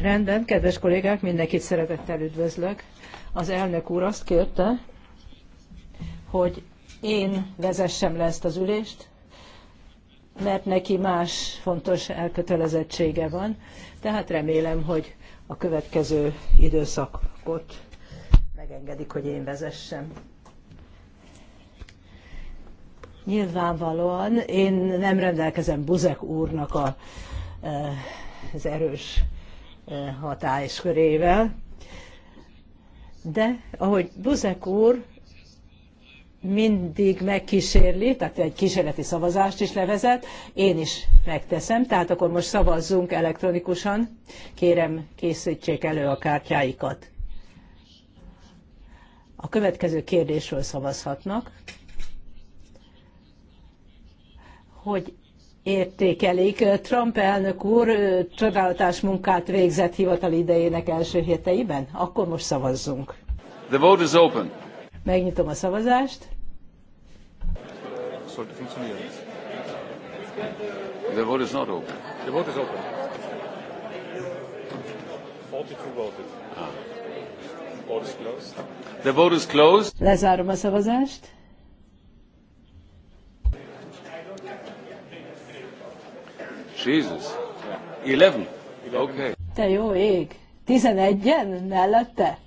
Rendben, kedves kollégák, mindenkit szeretettel üdvözlök. Az elnök úr azt kérte, hogy én vezessem le ezt az ülést, mert neki más fontos elkötelezettsége van, tehát remélem, hogy a következő időszakot megengedik, hogy én vezessem. Nyilvánvalóan én nem rendelkezem Buzek úrnak a, e, az erős e, hatáskörével, de ahogy Buzek úr mindig megkísérli, tehát egy kísérleti szavazást is levezet, én is megteszem, tehát akkor most szavazzunk elektronikusan, kérem készítsék elő a kártyáikat. A következő kérdésről szavazhatnak hogy értékelik. Trump elnök úr csodálatos munkát végzett hivatal idejének első héteiben? Akkor most szavazzunk. The vote is open. Megnyitom a szavazást. The vote is not open. The vote is open. 42 voted. Ah. The vote is closed. The vote is closed. Lezárom a szavazást. Jesus. Eleven. Okay. Te jó ég. Tizenegyen mellette?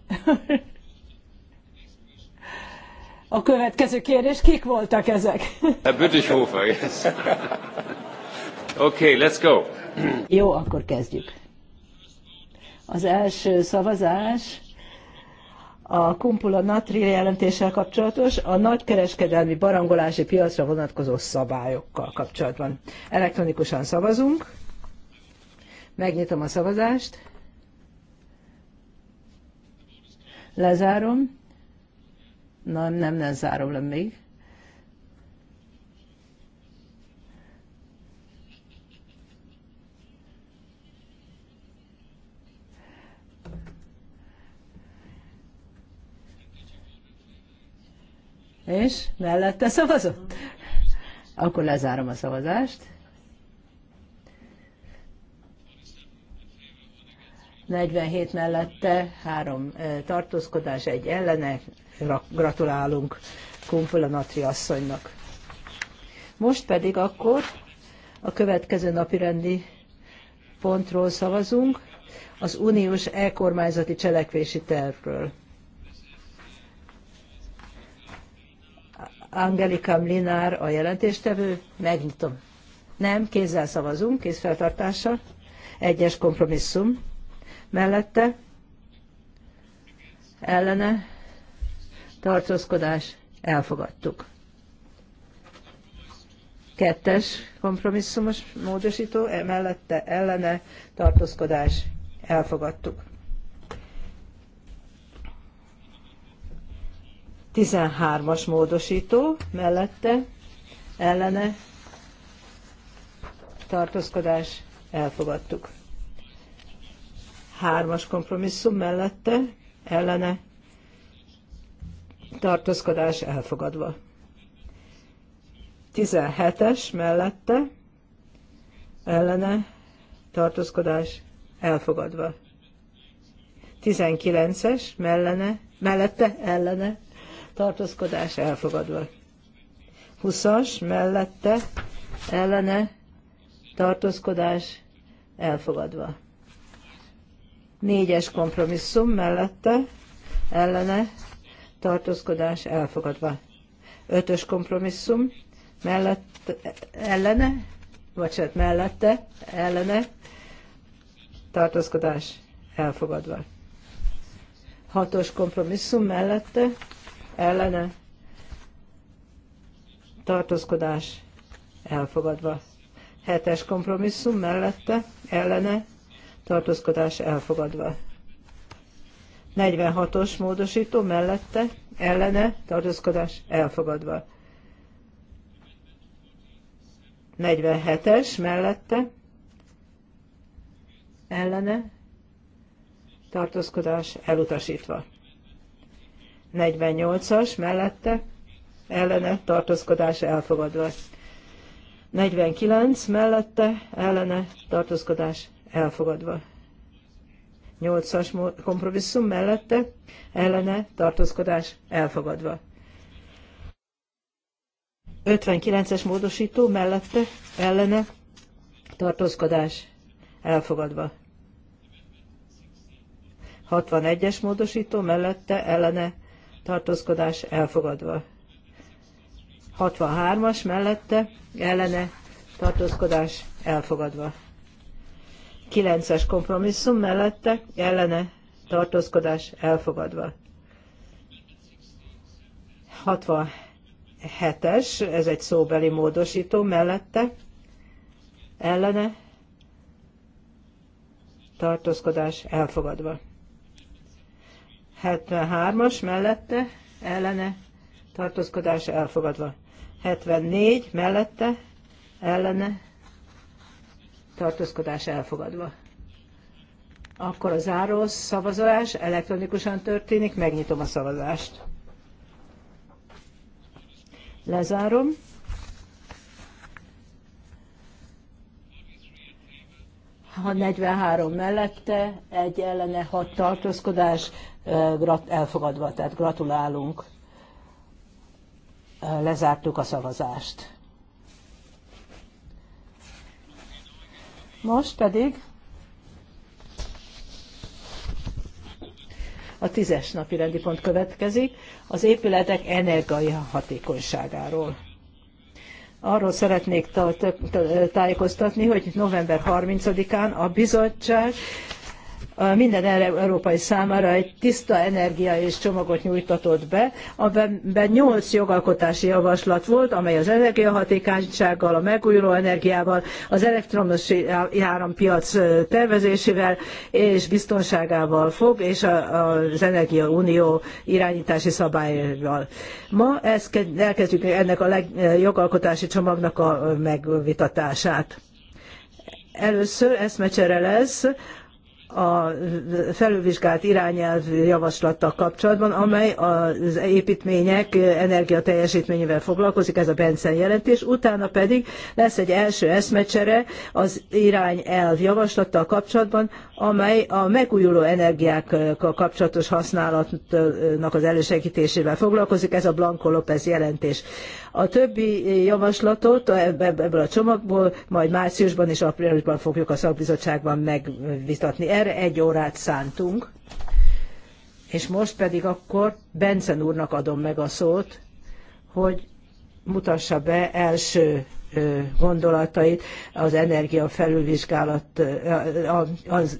A következő kérdés, kik voltak ezek? A Bütishofer, yes. Okay, let's go. Jó, akkor kezdjük. Az első szavazás a kumpula natril jelentéssel kapcsolatos, a nagykereskedelmi barangolási piacra vonatkozó szabályokkal kapcsolatban. Elektronikusan szavazunk. Megnyitom a szavazást. Lezárom. Na, nem, nem zárom le még. És mellette szavazott? Akkor lezárom a szavazást. 47 mellette, három tartózkodás, egy ellene. Gratulálunk Kumpula Natri asszonynak. Most pedig akkor a következő napi rendi pontról szavazunk, az uniós e-kormányzati cselekvési tervről. Angelika Mlinár a jelentéstevő. Megnyitom. Nem, kézzel szavazunk, kézfeltartása. Egyes kompromisszum. Mellette ellene tartózkodás elfogadtuk. Kettes kompromisszumos módosító, e mellette ellene tartózkodás elfogadtuk. 13-as módosító mellette ellene tartózkodás elfogadtuk. Hármas kompromisszum mellette ellene tartózkodás elfogadva. 17-es mellette ellene tartózkodás elfogadva. 19-es mellene, mellette ellene tartózkodás elfogadva. 20-as mellette ellene tartózkodás elfogadva. 4 kompromisszum mellette ellene tartózkodás elfogadva. 5 kompromisszum mellett, ellene, vagy hát mellette ellene tartózkodás elfogadva. 6 kompromisszum mellette ellene tartózkodás elfogadva. Hetes kompromisszum mellette ellene tartózkodás elfogadva. 46-os módosító mellette ellene tartózkodás elfogadva. 47-es mellette ellene tartózkodás elutasítva. 48-as mellette ellene tartózkodás elfogadva. 49 mellette ellene tartózkodás elfogadva. 8-as kompromisszum mellette ellene tartózkodás elfogadva. 59-es módosító mellette ellene tartózkodás elfogadva. 61-es módosító mellette ellene tartózkodás elfogadva. 63-as mellette ellene tartózkodás elfogadva. 9-es kompromisszum mellette ellene tartózkodás elfogadva. 67-es, ez egy szóbeli módosító mellette ellene tartózkodás elfogadva. 73-as mellette ellene tartózkodás elfogadva. 74 mellette ellene tartózkodás elfogadva. Akkor a záró szavazás elektronikusan történik, megnyitom a szavazást. Lezárom. Ha 43 mellette, egy ellene, hat tartózkodás, elfogadva, tehát gratulálunk. Lezártuk a szavazást. Most pedig a tízes napi rendi pont következik, az épületek energiahatékonyságáról arról szeretnék tájékoztatni, hogy november 30-án a bizottság minden európai számára egy tiszta energia és csomagot nyújtatott be, amiben nyolc jogalkotási javaslat volt, amely az energiahatékonysággal, a megújuló energiával, az elektromos árampiac tervezésével és biztonságával fog, és az Energiaunió irányítási szabályával. Ma ezt, elkezdjük ennek a jogalkotási csomagnak a megvitatását. Először eszmecsere lesz a felülvizsgált irányelv javaslattal kapcsolatban, amely az építmények energiateljesítményével foglalkozik, ez a Benson jelentés, utána pedig lesz egy első eszmecsere az irányelv javaslattal kapcsolatban, amely a megújuló energiákkal kapcsolatos használatnak az elősegítésével foglalkozik, ez a Blanco López jelentés. A többi javaslatot ebből a csomagból majd márciusban és áprilisban fogjuk a szakbizottságban megvitatni. Erre egy órát szántunk. És most pedig akkor Bencen úrnak adom meg a szót, hogy mutassa be első gondolatait az energia felülvizsgálat, az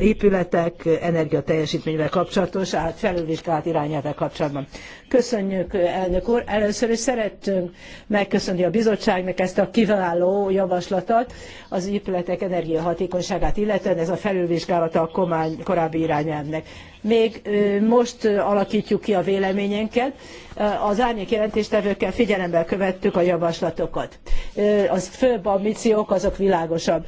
épületek energiateljesítményvel kapcsolatos, át felülvizsgálat irányával kapcsolatban. Köszönjük, elnök úr! Először is szerettünk megköszönni a bizottságnak ezt a kiváló javaslatot az épületek energiahatékonyságát illetően, ez a felülvizsgálata a korábbi irányelvnek még most alakítjuk ki a véleményenket. Az árnyék jelentéstevőkkel figyelemmel követtük a javaslatokat. Az főbb ambíciók azok világosabb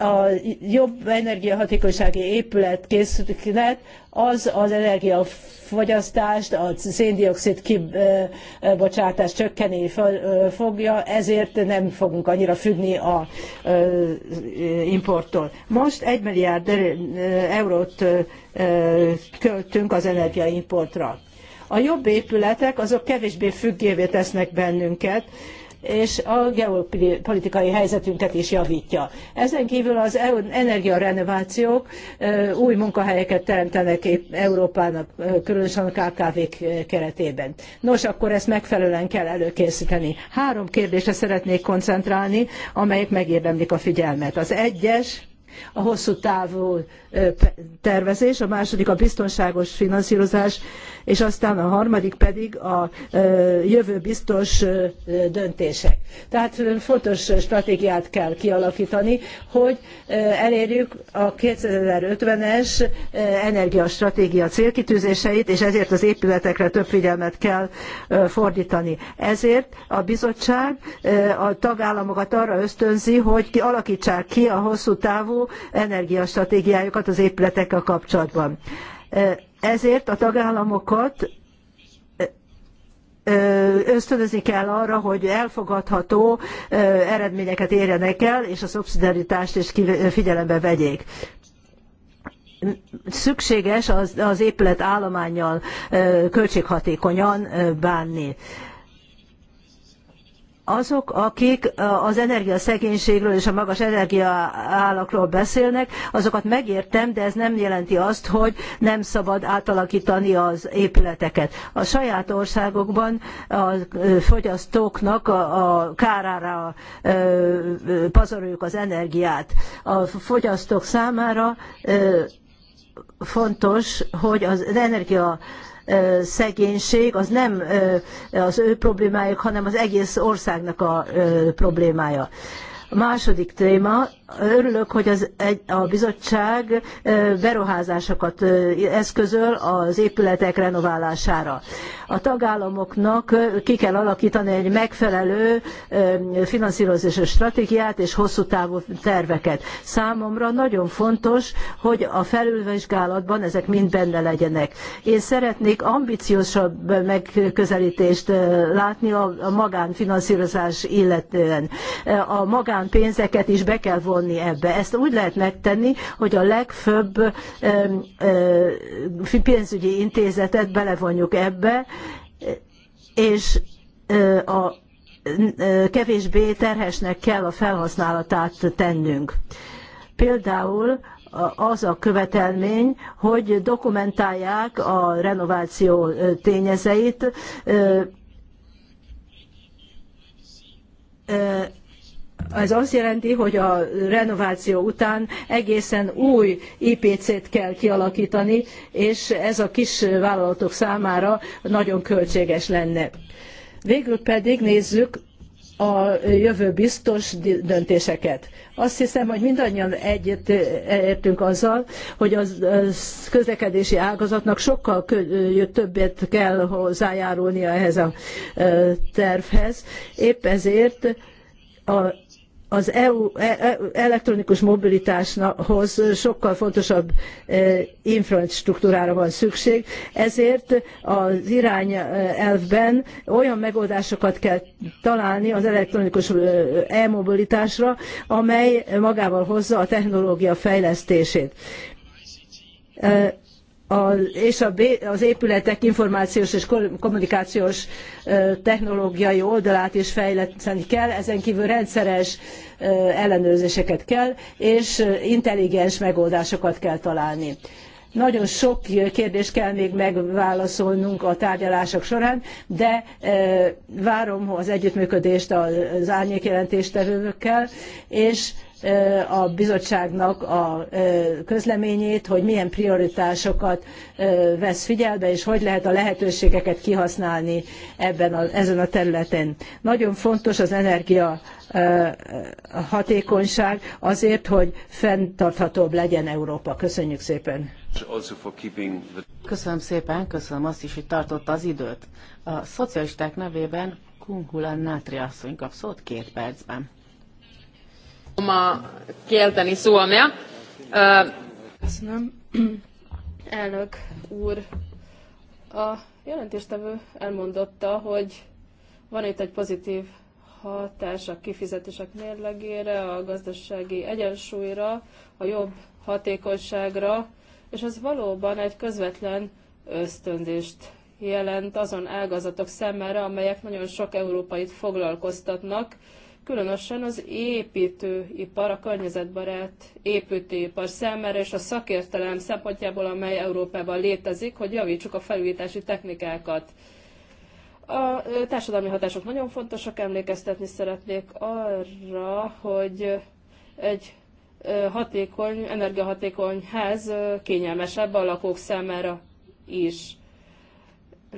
a jobb energiahatékonysági épület készület az az energiafogyasztást, a széndiokszid kibocsátást csökkeni fogja, ezért nem fogunk annyira függni a importtól. Most egy milliárd eurót költünk az energiaimportra. A jobb épületek azok kevésbé függévé tesznek bennünket, és a geopolitikai helyzetünket is javítja. Ezen kívül az e- energiarenovációk új munkahelyeket teremtenek Európának, különösen a KKV-k keretében. Nos, akkor ezt megfelelően kell előkészíteni. Három kérdésre szeretnék koncentrálni, amelyek megérdemlik a figyelmet. Az egyes, a hosszú távú tervezés, a második a biztonságos finanszírozás, és aztán a harmadik pedig a jövő biztos döntések. Tehát fontos stratégiát kell kialakítani, hogy elérjük a 2050-es energiastratégia célkitűzéseit, és ezért az épületekre több figyelmet kell fordítani. Ezért a bizottság a tagállamokat arra ösztönzi, hogy alakítsák ki a hosszú távú energiastratégiájukat, azokat az épületekkel kapcsolatban. Ezért a tagállamokat ösztönözni kell arra, hogy elfogadható eredményeket érjenek el, és a szubszidiaritást is figyelembe vegyék szükséges az, az épület állományjal költséghatékonyan bánni azok, akik az energiaszegénységről és a magas energiaállakról beszélnek, azokat megértem, de ez nem jelenti azt, hogy nem szabad átalakítani az épületeket. A saját országokban a fogyasztóknak a kárára pazaroljuk az energiát. A fogyasztók számára fontos, hogy az energia szegénység az nem az ő problémájuk, hanem az egész országnak a problémája. A második téma örülök, hogy az, a bizottság beruházásokat eszközöl az épületek renoválására. A tagállamoknak ki kell alakítani egy megfelelő finanszírozási stratégiát és hosszú távú terveket. Számomra nagyon fontos, hogy a felülvizsgálatban ezek mind benne legyenek. Én szeretnék ambiciósabb megközelítést látni a magánfinanszírozás illetően. A magánpénzeket is be kell vonni bevonni ebbe. Ezt úgy lehet megtenni, hogy a legfőbb pénzügyi intézetet belevonjuk ebbe, és a kevésbé terhesnek kell a felhasználatát tennünk. Például az a követelmény, hogy dokumentálják a renováció tényezeit, ez azt jelenti, hogy a renováció után egészen új IPC-t kell kialakítani, és ez a kis vállalatok számára nagyon költséges lenne. Végül pedig nézzük a jövő biztos döntéseket. Azt hiszem, hogy mindannyian egyet értünk azzal, hogy a az közlekedési ágazatnak sokkal többet kell hozzájárulnia ehhez a tervhez. Épp ezért a az EU e, e, elektronikus mobilitáshoz sokkal fontosabb e, infrastruktúrára van szükség, ezért az irányelvben olyan megoldásokat kell találni az elektronikus e-mobilitásra, amely magával hozza a technológia fejlesztését és az épületek információs és kommunikációs technológiai oldalát is fejleszteni kell, ezen kívül rendszeres ellenőrzéseket kell, és intelligens megoldásokat kell találni. Nagyon sok kérdést kell még megválaszolnunk a tárgyalások során, de várom az együttműködést az jelentéstevőkkel, és a bizottságnak a közleményét, hogy milyen prioritásokat vesz figyelbe, és hogy lehet a lehetőségeket kihasználni ebben a, ezen a területen. Nagyon fontos az energia hatékonyság azért, hogy fenntarthatóbb legyen Európa. Köszönjük szépen! Köszönöm szépen, köszönöm azt is, hogy tartotta az időt. A szocialisták nevében Kunkulan Nátri asszony kap szót két percben omaa kielteni suomea. Köszönöm. Elnök úr, a jelentéstevő elmondotta, hogy van itt egy pozitív hatás a kifizetések mérlegére, a gazdasági egyensúlyra, a jobb hatékonyságra, és ez valóban egy közvetlen ösztönzést jelent azon ágazatok számára, amelyek nagyon sok európait foglalkoztatnak, különösen az építőipar, a környezetbarát építőipar számára és a szakértelem szempontjából, amely Európában létezik, hogy javítsuk a felújítási technikákat. A társadalmi hatások nagyon fontosak, emlékeztetni szeretnék arra, hogy egy hatékony, energiahatékony ház kényelmesebb a lakók számára is.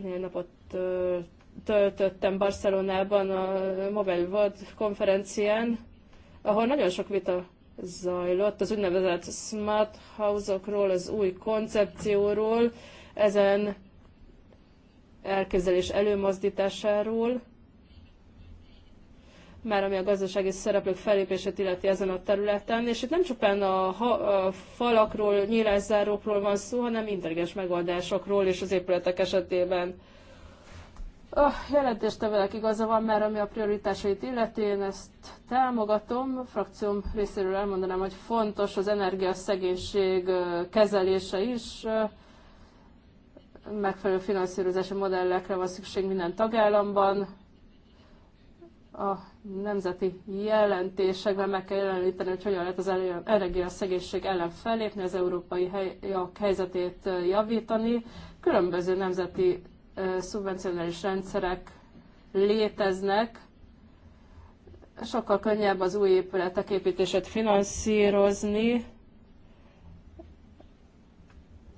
Néhány napot töltöttem Barcelonában a Mobile World konferencián, ahol nagyon sok vita zajlott az úgynevezett smart house-okról, az új koncepcióról, ezen elképzelés előmozdításáról, már ami a gazdasági szereplők felépését illeti ezen a területen, és itt nem csupán a, ha, a falakról, nyílászárókról van szó, hanem intelligens megoldásokról és az épületek esetében. A ah, jelentéstevőnek igaza van, mert ami a prioritásait illeti, én ezt támogatom. A frakcióm részéről elmondanám, hogy fontos az energiaszegénység kezelése is. Megfelelő finanszírozási modellekre van szükség minden tagállamban. A nemzeti jelentésekben meg kell jeleníteni, hogy hogyan lehet az energiaszegénység ellen fellépni, az európai helyzetét javítani. Különböző nemzeti szubvencionális rendszerek léteznek, sokkal könnyebb az új épületek építését finanszírozni,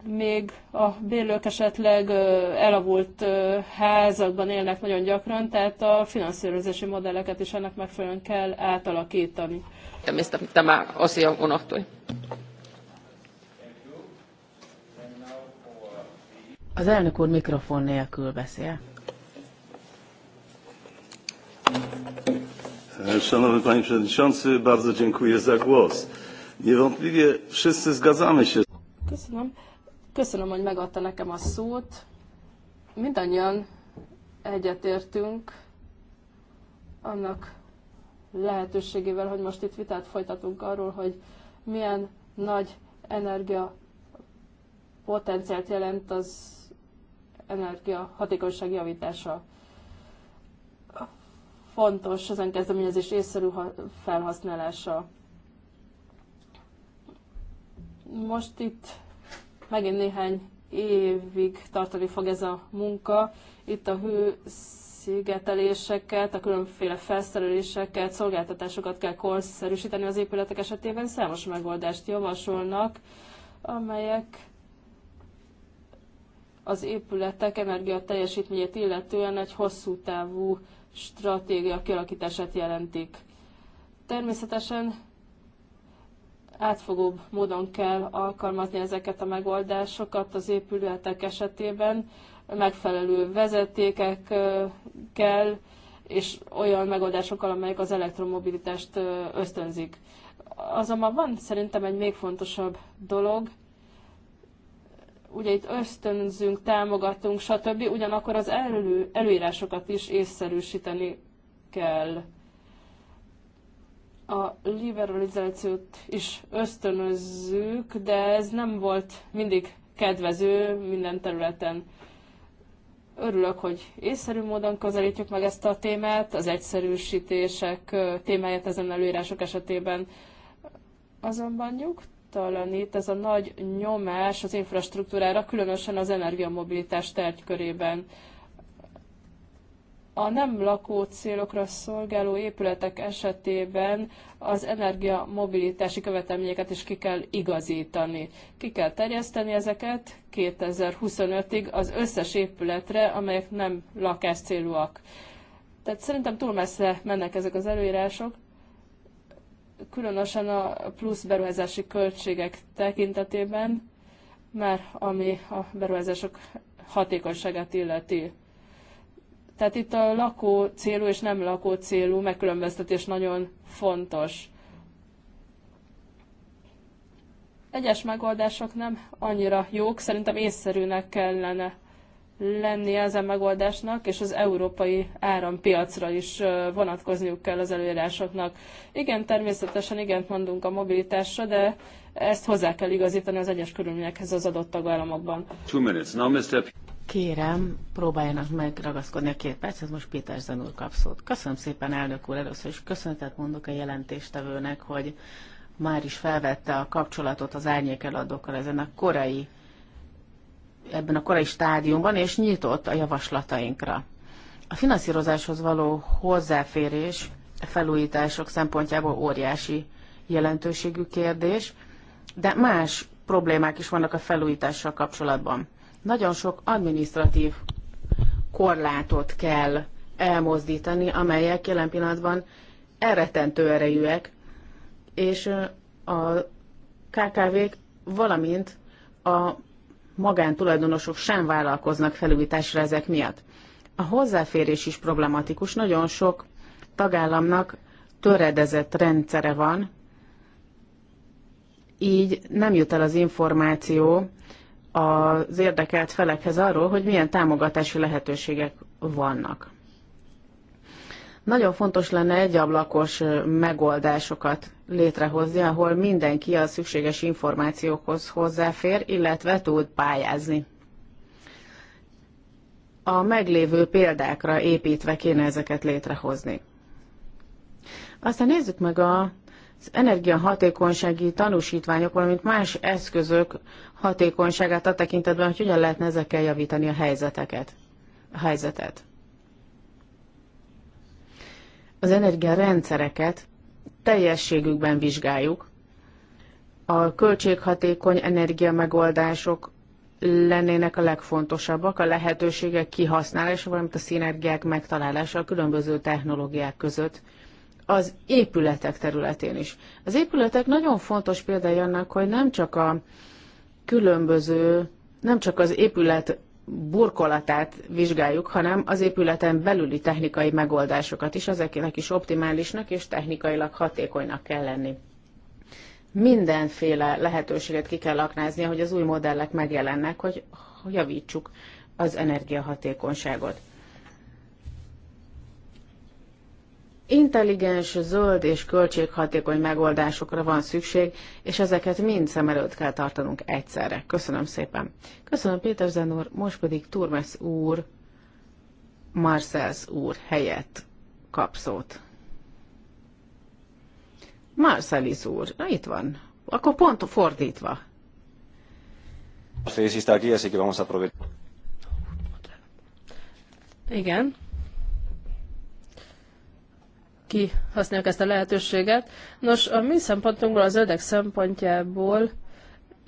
még a bérlők esetleg elavult házakban élnek nagyon gyakran, tehát a finanszírozási modelleket is ennek megfelelően kell átalakítani. Mistä a osio unohtui? Az elnök úr mikrofon nélkül beszél. Szanowny Panie Przewodniczący, bardzo dziękuję za głos. Niewątpliwie wszyscy zgadzamy się. Köszönöm. Köszönöm, hogy megadta nekem a szót. Mindannyian egyetértünk annak lehetőségével, hogy most itt vitát folytatunk arról, hogy milyen nagy energia potenciált jelent az energia hatékonyság javítása. Fontos az önkezdeményezés észszerű felhasználása. Most itt megint néhány évig tartani fog ez a munka. Itt a hőszigeteléseket, a különféle felszereléseket, szolgáltatásokat kell korszerűsíteni az épületek esetében. Számos megoldást javasolnak, amelyek az épületek energiateljesítményét illetően egy hosszú távú stratégia kialakítását jelentik. Természetesen átfogóbb módon kell alkalmazni ezeket a megoldásokat az épületek esetében, megfelelő vezetékek kell, és olyan megoldásokkal, amelyek az elektromobilitást ösztönzik. Azonban van szerintem egy még fontosabb dolog, ugye itt ösztönzünk, támogatunk, stb. Ugyanakkor az elő, előírásokat is észszerűsíteni kell. A liberalizációt is ösztönözzük, de ez nem volt mindig kedvező minden területen. Örülök, hogy észszerű módon közelítjük meg ezt a témát, az egyszerűsítések témáját ezen előírások esetében azonban nyugt talanít ez a nagy nyomás az infrastruktúrára, különösen az energiamobilitás tárgykörében. A nem lakó célokra szolgáló épületek esetében az energiamobilitási követelményeket is ki kell igazítani. Ki kell terjeszteni ezeket 2025-ig az összes épületre, amelyek nem lakás célúak. Tehát szerintem túl messze mennek ezek az előírások különösen a plusz beruházási költségek tekintetében, mert ami a beruházások hatékonyságát illeti. Tehát itt a lakó célú és nem lakó célú megkülönböztetés nagyon fontos. Egyes megoldások nem annyira jók, szerintem észszerűnek kellene az a megoldásnak, és az európai árampiacra is vonatkozniuk kell az előírásoknak. Igen, természetesen igen mondunk a mobilitásra, de ezt hozzá kell igazítani az egyes körülményekhez az adott tagállamokban. Kérem, próbáljanak meg ragaszkodni a két ez most Péter Zenúr kap szót. Köszönöm szépen, elnök úr, először is köszönetet mondok a jelentéstevőnek, hogy már is felvette a kapcsolatot az árnyékeladókkal ezen a korai ebben a korai stádiumban, és nyitott a javaslatainkra. A finanszírozáshoz való hozzáférés a felújítások szempontjából óriási jelentőségű kérdés, de más problémák is vannak a felújítással kapcsolatban. Nagyon sok administratív korlátot kell elmozdítani, amelyek jelen pillanatban elretentő erejűek, és a KKV-k, valamint a magántulajdonosok sem vállalkoznak felújításra ezek miatt. A hozzáférés is problematikus. Nagyon sok tagállamnak töredezett rendszere van, így nem jut el az információ az érdekelt felekhez arról, hogy milyen támogatási lehetőségek vannak. Nagyon fontos lenne egyablakos megoldásokat létrehozni, ahol mindenki a szükséges információkhoz hozzáfér, illetve tud pályázni. A meglévő példákra építve kéne ezeket létrehozni. Aztán nézzük meg a az energiahatékonysági tanúsítványok, valamint más eszközök hatékonyságát a tekintetben, hogy hogyan lehetne ezekkel javítani a helyzeteket, a helyzetet az energiarendszereket teljességükben vizsgáljuk, a költséghatékony energiamegoldások lennének a legfontosabbak, a lehetőségek kihasználása, valamint a szinergiák megtalálása a különböző technológiák között az épületek területén is. Az épületek nagyon fontos példája annak, hogy nem csak a különböző, nem csak az épület burkolatát vizsgáljuk, hanem az épületen belüli technikai megoldásokat is, ezeknek is optimálisnak és technikailag hatékonynak kell lenni. Mindenféle lehetőséget ki kell aknázni, hogy az új modellek megjelennek, hogy javítsuk az energiahatékonyságot. Intelligens, zöld és költséghatékony megoldásokra van szükség, és ezeket mind szem előtt kell tartanunk egyszerre. Köszönöm szépen. Köszönöm Péter Zenor. most pedig Turmes úr, Marcells úr helyett kap szót. Marcellis úr, na itt van. Akkor pont fordítva. Igen, kihasználjuk ezt a lehetőséget. Nos, a mi szempontunkból, az ödek szempontjából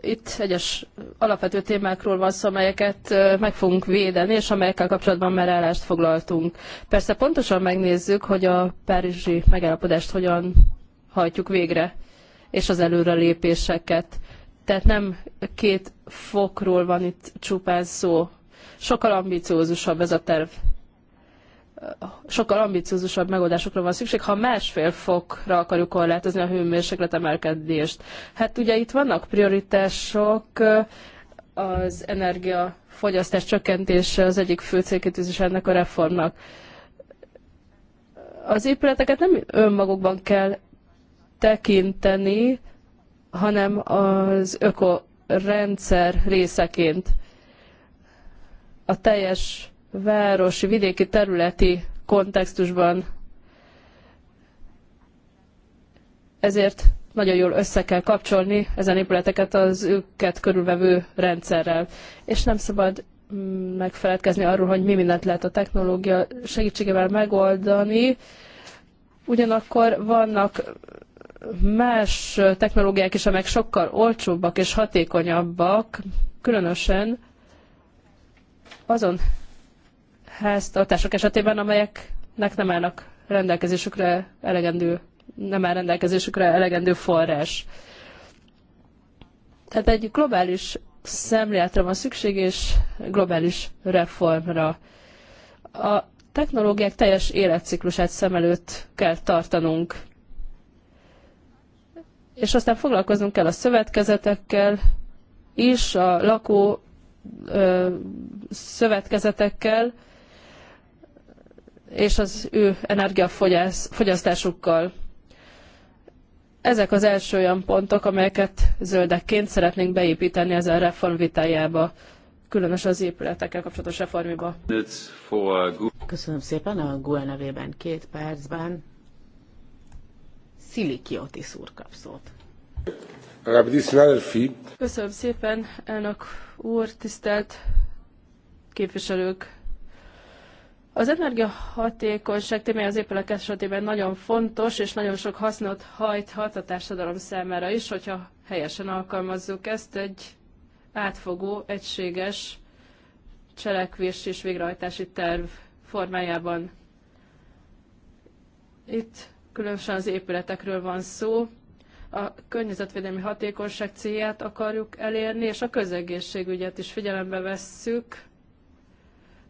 itt egyes alapvető témákról van szó, amelyeket meg fogunk védeni, és amelyekkel kapcsolatban már állást foglaltunk. Persze pontosan megnézzük, hogy a párizsi megállapodást hogyan hajtjuk végre, és az előrelépéseket. Tehát nem két fokról van itt csupán szó. Sokkal ambiciózusabb ez a terv sokkal ambiciózusabb megoldásokra van szükség, ha másfél fokra akarjuk korlátozni a hőmérséklet emelkedést. Hát ugye itt vannak prioritások, az energiafogyasztás csökkentése az egyik fő célkitűzés ennek a reformnak. Az épületeket nem önmagukban kell tekinteni, hanem az ökorendszer részeként. A teljes városi, vidéki, területi kontextusban. Ezért nagyon jól össze kell kapcsolni ezen épületeket az őket körülvevő rendszerrel. És nem szabad mm, megfeledkezni arról, hogy mi mindent lehet a technológia segítségével megoldani. Ugyanakkor vannak más technológiák is, amelyek sokkal olcsóbbak és hatékonyabbak, különösen azon háztartások esetében, amelyeknek nem állnak rendelkezésükre elegendő, nem áll rendelkezésükre elegendő forrás. Tehát egy globális szemléletre van szükség, és globális reformra. A technológiák teljes életciklusát szem előtt kell tartanunk. És aztán foglalkoznunk kell a szövetkezetekkel is, a lakó ö, szövetkezetekkel, és az ő energiafogyasztásukkal. Ezek az első olyan pontok, amelyeket zöldekként szeretnénk beépíteni ezen reform vitájába, különösen az épületekkel kapcsolatos reformiba. Köszönöm szépen a GUE nevében két percben. Sziliki Otis úr kap szót. Köszönöm szépen, elnök úr, tisztelt képviselők, az energiahatékonyság témája az épületek esetében nagyon fontos, és nagyon sok hasznot hajthat a társadalom számára is, hogyha helyesen alkalmazzuk ezt egy átfogó, egységes cselekvés és végrehajtási terv formájában. Itt különösen az épületekről van szó. A környezetvédelmi hatékonyság célját akarjuk elérni, és a közegészségügyet is figyelembe vesszük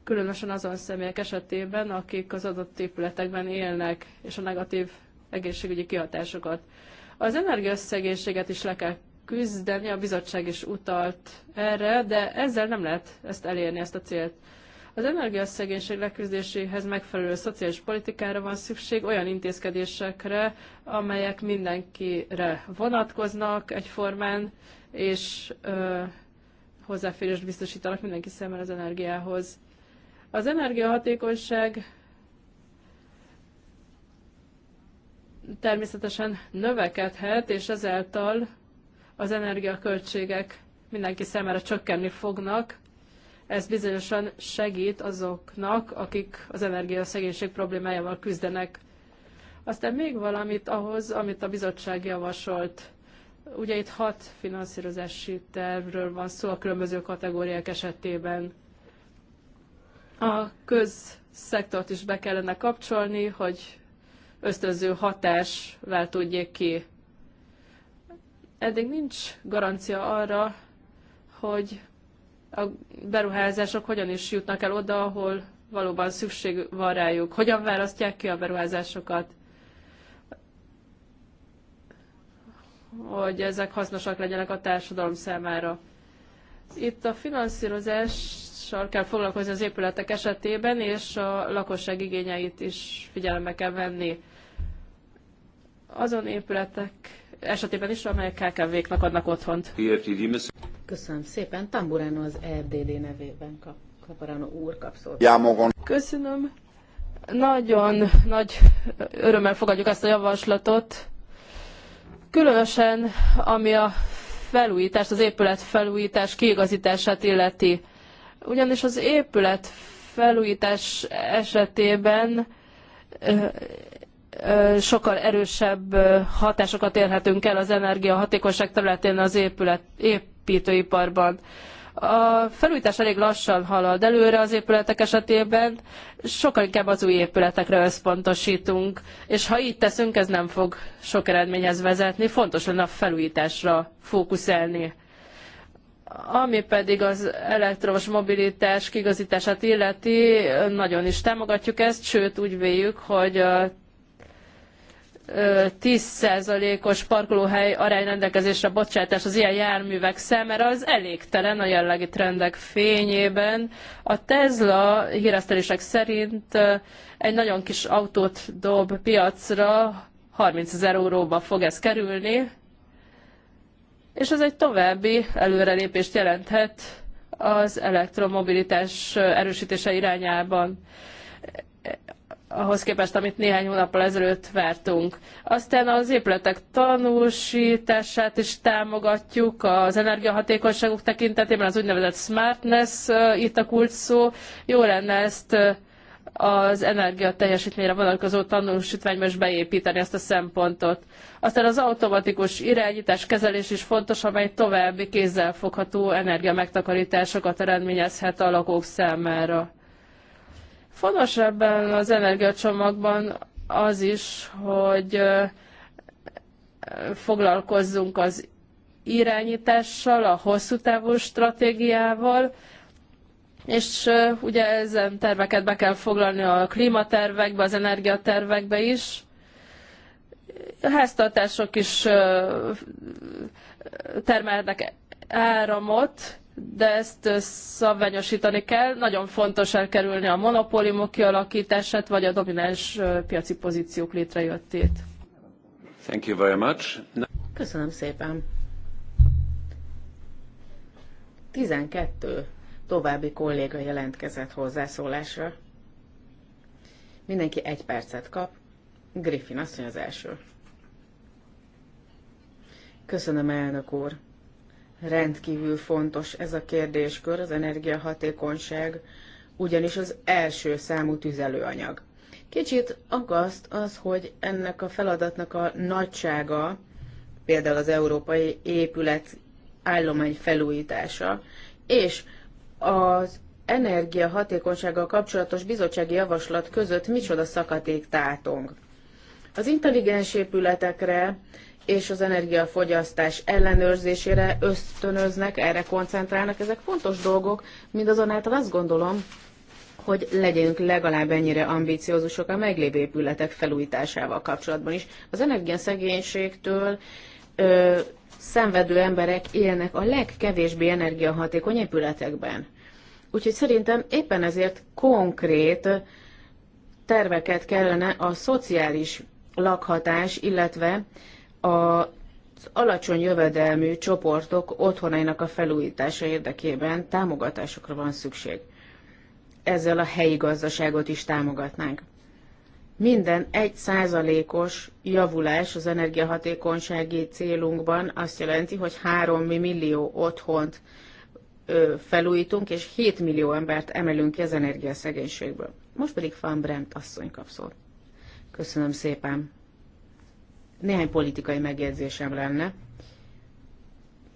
különösen azon személyek esetében, akik az adott épületekben élnek, és a negatív egészségügyi kihatásokat. Az energiaösszegészséget is le kell küzdeni, a bizottság is utalt erre, de ezzel nem lehet ezt elérni, ezt a célt. Az energiaszegénység leküzdéséhez megfelelő szociális politikára van szükség, olyan intézkedésekre, amelyek mindenkire vonatkoznak egyformán, és ö, hozzáférést biztosítanak mindenki számára az energiához. Az energiahatékonyság természetesen növekedhet, és ezáltal az energiaköltségek mindenki számára csökkenni fognak. Ez bizonyosan segít azoknak, akik az energiaszegénység problémájával küzdenek. Aztán még valamit ahhoz, amit a bizottság javasolt. Ugye itt hat finanszírozási tervről van szó a különböző kategóriák esetében. A közszektort is be kellene kapcsolni, hogy ösztönző hatás tudjék ki. Eddig nincs garancia arra, hogy a beruházások hogyan is jutnak el oda, ahol valóban szükség van rájuk. Hogyan választják ki a beruházásokat? hogy ezek hasznosak legyenek a társadalom számára. Itt a finanszírozás kihívással kell foglalkozni az épületek esetében, és a lakosság igényeit is figyelembe kell venni. Azon épületek esetében is, amelyek KKV-knak adnak otthont. Köszönöm szépen. Tamburano az RDD nevében kap. Kaparano úr kap szót. Köszönöm. Nagyon nagy örömmel fogadjuk ezt a javaslatot. Különösen, ami a felújítást, az épület felújítás kiigazítását illeti ugyanis az épület felújítás esetében sokkal erősebb hatásokat érhetünk el az energiahatékonyság területén az épület, építőiparban. A felújítás elég lassan halad előre az épületek esetében, sokkal inkább az új épületekre összpontosítunk, és ha így teszünk, ez nem fog sok eredményhez vezetni, fontos lenne a felújításra fókuszálni. Ami pedig az elektromos mobilitás kigazítását illeti, nagyon is támogatjuk ezt, sőt úgy véljük, hogy a 10%-os parkolóhely arány rendelkezésre bocsátás az ilyen járművek számára az elégtelen a jellegi trendek fényében. A Tesla híresztelések szerint egy nagyon kis autót dob piacra, 30 ezer euróba fog ez kerülni, és ez egy további előrelépést jelenthet az elektromobilitás erősítése irányában ahhoz képest, amit néhány hónappal ezelőtt vártunk. Aztán az épületek tanúsítását is támogatjuk, az energiahatékonyságuk tekintetében az úgynevezett smartness itt a kulcs szó. Jó lenne ezt az energia teljesítményre vonatkozó tanúsítványba is beépíteni ezt a szempontot. Aztán az automatikus irányítás, kezelés is fontos, amely további kézzelfogható energiamegtakarításokat eredményezhet a lakók számára. Fontos ebben az energiacsomagban az is, hogy foglalkozzunk az irányítással, a hosszú távú stratégiával, és ugye ezen terveket be kell foglalni a klímatervekbe, az energiatervekbe is. A háztartások is termelnek áramot, de ezt szabványosítani kell. Nagyon fontos elkerülni a monopóliumok kialakítását, vagy a domináns piaci pozíciók létrejöttét. Thank you very much. Köszönöm szépen. 12 további kolléga jelentkezett hozzászólásra. Mindenki egy percet kap. Griffin asszony az első. Köszönöm, elnök úr. Rendkívül fontos ez a kérdéskör, az energiahatékonyság, ugyanis az első számú tüzelőanyag. Kicsit aggaszt az, hogy ennek a feladatnak a nagysága, például az európai épület állomány felújítása, és az energia hatékonysággal kapcsolatos bizottsági javaslat között micsoda szakadék tátong. Az intelligens épületekre és az energiafogyasztás ellenőrzésére ösztönöznek, erre koncentrálnak. Ezek fontos dolgok, mindazonáltal azt gondolom, hogy legyünk legalább ennyire ambiciózusok a meglévő épületek felújításával kapcsolatban is. Az energiaszegénységtől ö, szenvedő emberek élnek a legkevésbé energiahatékony épületekben. Úgyhogy szerintem éppen ezért konkrét terveket kellene a szociális lakhatás, illetve a alacsony jövedelmű csoportok otthonainak a felújítása érdekében támogatásokra van szükség. Ezzel a helyi gazdaságot is támogatnánk. Minden egy százalékos javulás az energiahatékonysági célunkban azt jelenti, hogy 3 millió otthont felújítunk, és 7 millió embert emelünk ki az energiaszegénységből. Most pedig Van Brent asszony kap Köszönöm szépen. Néhány politikai megjegyzésem lenne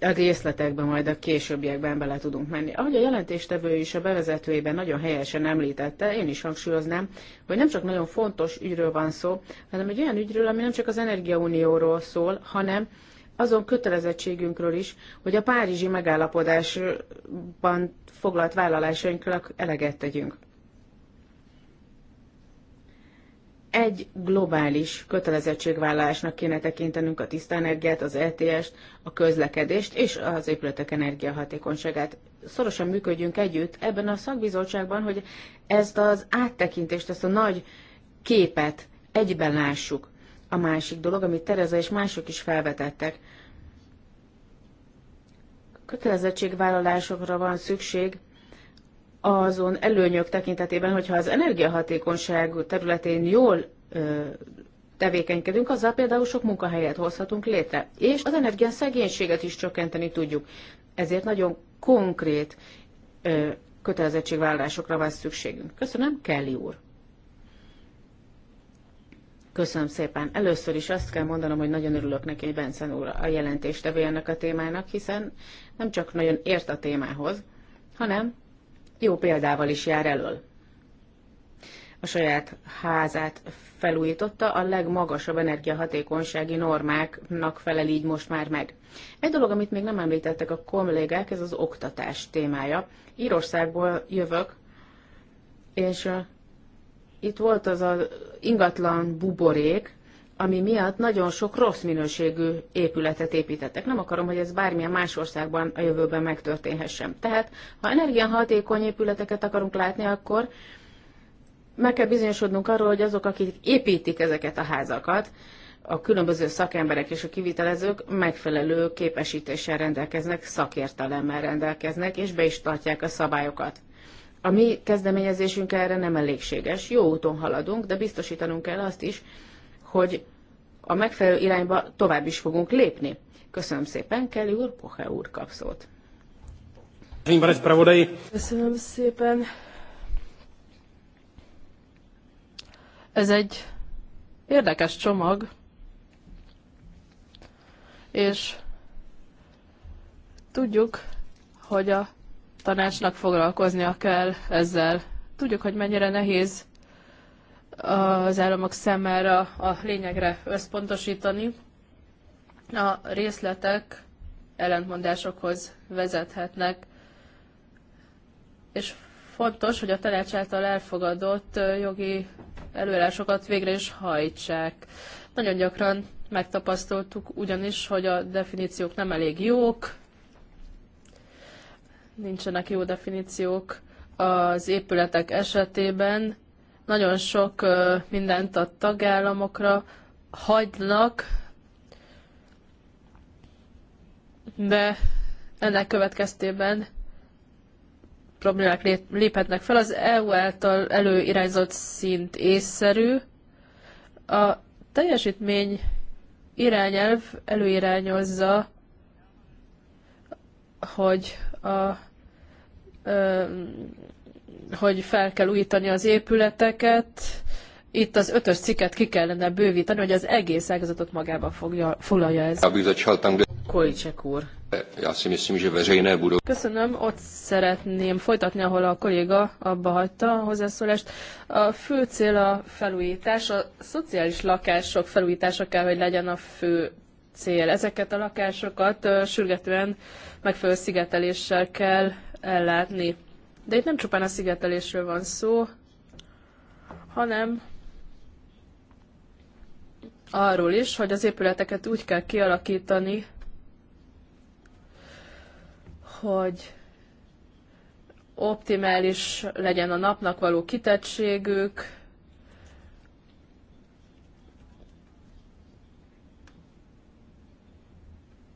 a részletekbe majd a későbbiekben bele tudunk menni. Ahogy a jelentéstevő is a bevezetőjében nagyon helyesen említette, én is hangsúlyoznám, hogy nem csak nagyon fontos ügyről van szó, hanem egy olyan ügyről, ami nem csak az energiaunióról szól, hanem azon kötelezettségünkről is, hogy a párizsi megállapodásban foglalt vállalásainkkal eleget tegyünk. egy globális kötelezettségvállalásnak kéne tekintenünk a tiszta energiát, az ETS-t, a közlekedést és az épületek energiahatékonyságát. Szorosan működjünk együtt ebben a szakbizottságban, hogy ezt az áttekintést, ezt a nagy képet egyben lássuk. A másik dolog, amit Tereza és mások is felvetettek, kötelezettségvállalásokra van szükség azon előnyök tekintetében, hogyha az energiahatékonyság területén jól ö, tevékenykedünk, azzal például sok munkahelyet hozhatunk létre, és az energián szegénységet is csökkenteni tudjuk. Ezért nagyon konkrét ö, kötelezettségvállalásokra van szükségünk. Köszönöm, Kelly úr! Köszönöm szépen. Először is azt kell mondanom, hogy nagyon örülök neki, hogy Benszen úr a jelentéstevő ennek a témának, hiszen nem csak nagyon ért a témához, hanem jó példával is jár elől. A saját házát felújította, a legmagasabb energiahatékonysági normáknak felel így most már meg. Egy dolog, amit még nem említettek a kollégák, ez az oktatás témája. Írországból jövök, és uh, itt volt az az ingatlan buborék, ami miatt nagyon sok rossz minőségű épületet építettek. Nem akarom, hogy ez bármilyen más országban a jövőben megtörténhessen. Tehát, ha energiahatékony épületeket akarunk látni, akkor meg kell bizonyosodnunk arról, hogy azok, akik építik ezeket a házakat, a különböző szakemberek és a kivitelezők megfelelő képesítéssel rendelkeznek, szakértelemmel rendelkeznek, és be is tartják a szabályokat. A mi kezdeményezésünk erre nem elégséges, jó úton haladunk, de biztosítanunk kell azt is, hogy a megfelelő irányba tovább is fogunk lépni. Köszönöm szépen, Kelly úr, Poche úr kap szót. Köszönöm szépen. Ez egy érdekes csomag, és tudjuk, hogy a tanácsnak foglalkoznia kell ezzel. Tudjuk, hogy mennyire nehéz az államok számára a lényegre összpontosítani. A részletek ellentmondásokhoz vezethetnek, és fontos, hogy a tanács által elfogadott jogi előírásokat végre is hajtsák. Nagyon gyakran megtapasztaltuk ugyanis, hogy a definíciók nem elég jók, nincsenek jó definíciók az épületek esetében, nagyon sok mindent a tagállamokra hagynak, de ennek következtében problémák léphetnek fel. Az EU által előirányzott szint észszerű. A teljesítmény irányelv előirányozza, hogy a ö, hogy fel kell újítani az épületeket. Itt az ötös cikket ki kellene bővíteni, hogy az egész ágazatot magában fogja, foglalja ez. A úr. Ja, Köszönöm, ott szeretném folytatni, ahol a kolléga abba hagyta a hozzászólást. A fő cél a felújítás, a szociális lakások felújítása kell, hogy legyen a fő cél. Ezeket a lakásokat sürgetően megfelelő szigeteléssel kell ellátni. De itt nem csupán a szigetelésről van szó, hanem arról is, hogy az épületeket úgy kell kialakítani, hogy optimális legyen a napnak való kitettségük,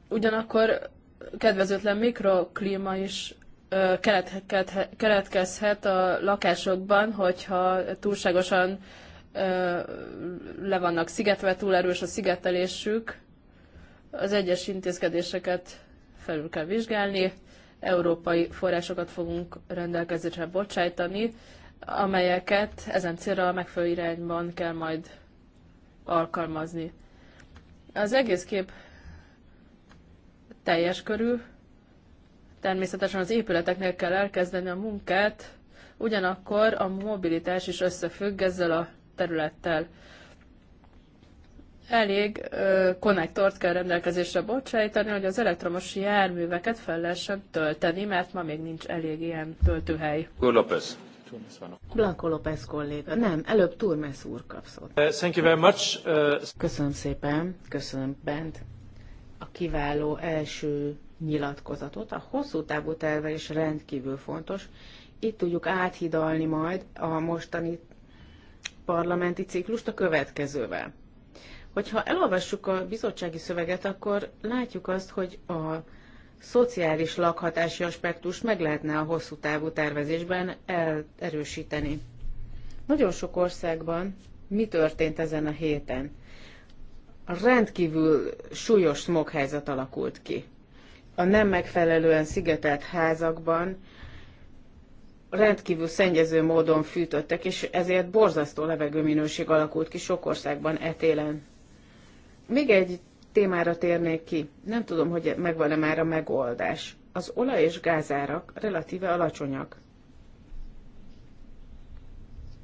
ugyanakkor kedvezőtlen mikroklíma is keletkezhet a lakásokban, hogyha túlságosan le vannak szigetve, túl erős a szigetelésük. Az egyes intézkedéseket felül kell vizsgálni, európai forrásokat fogunk rendelkezésre bocsájtani, amelyeket ezen célra a megfelelő irányban kell majd alkalmazni. Az egész kép teljes körül, Természetesen az épületeknél kell elkezdeni a munkát, ugyanakkor a mobilitás is összefügg ezzel a területtel. Elég ö, konnektort kell rendelkezésre bocsájtani, hogy az elektromos járműveket fel lehessen tölteni, mert ma még nincs elég ilyen töltőhely. López. Blanco López kolléga. Nem, előbb Turmes úr kapszott. Uh, thank you very much. Uh, köszönöm szépen, köszönöm Bent. A kiváló első nyilatkozatot. A hosszú távú terve is rendkívül fontos. Itt tudjuk áthidalni majd a mostani parlamenti ciklust a következővel. Hogyha elolvassuk a bizottsági szöveget, akkor látjuk azt, hogy a szociális lakhatási aspektus meg lehetne a hosszú távú tervezésben erősíteni. Nagyon sok országban mi történt ezen a héten? a Rendkívül súlyos smoghelyzet alakult ki a nem megfelelően szigetelt házakban rendkívül szennyező módon fűtöttek, és ezért borzasztó levegőminőség alakult ki sok országban etélen. Még egy témára térnék ki. Nem tudom, hogy megvan-e már a megoldás. Az olaj és gázárak relatíve alacsonyak.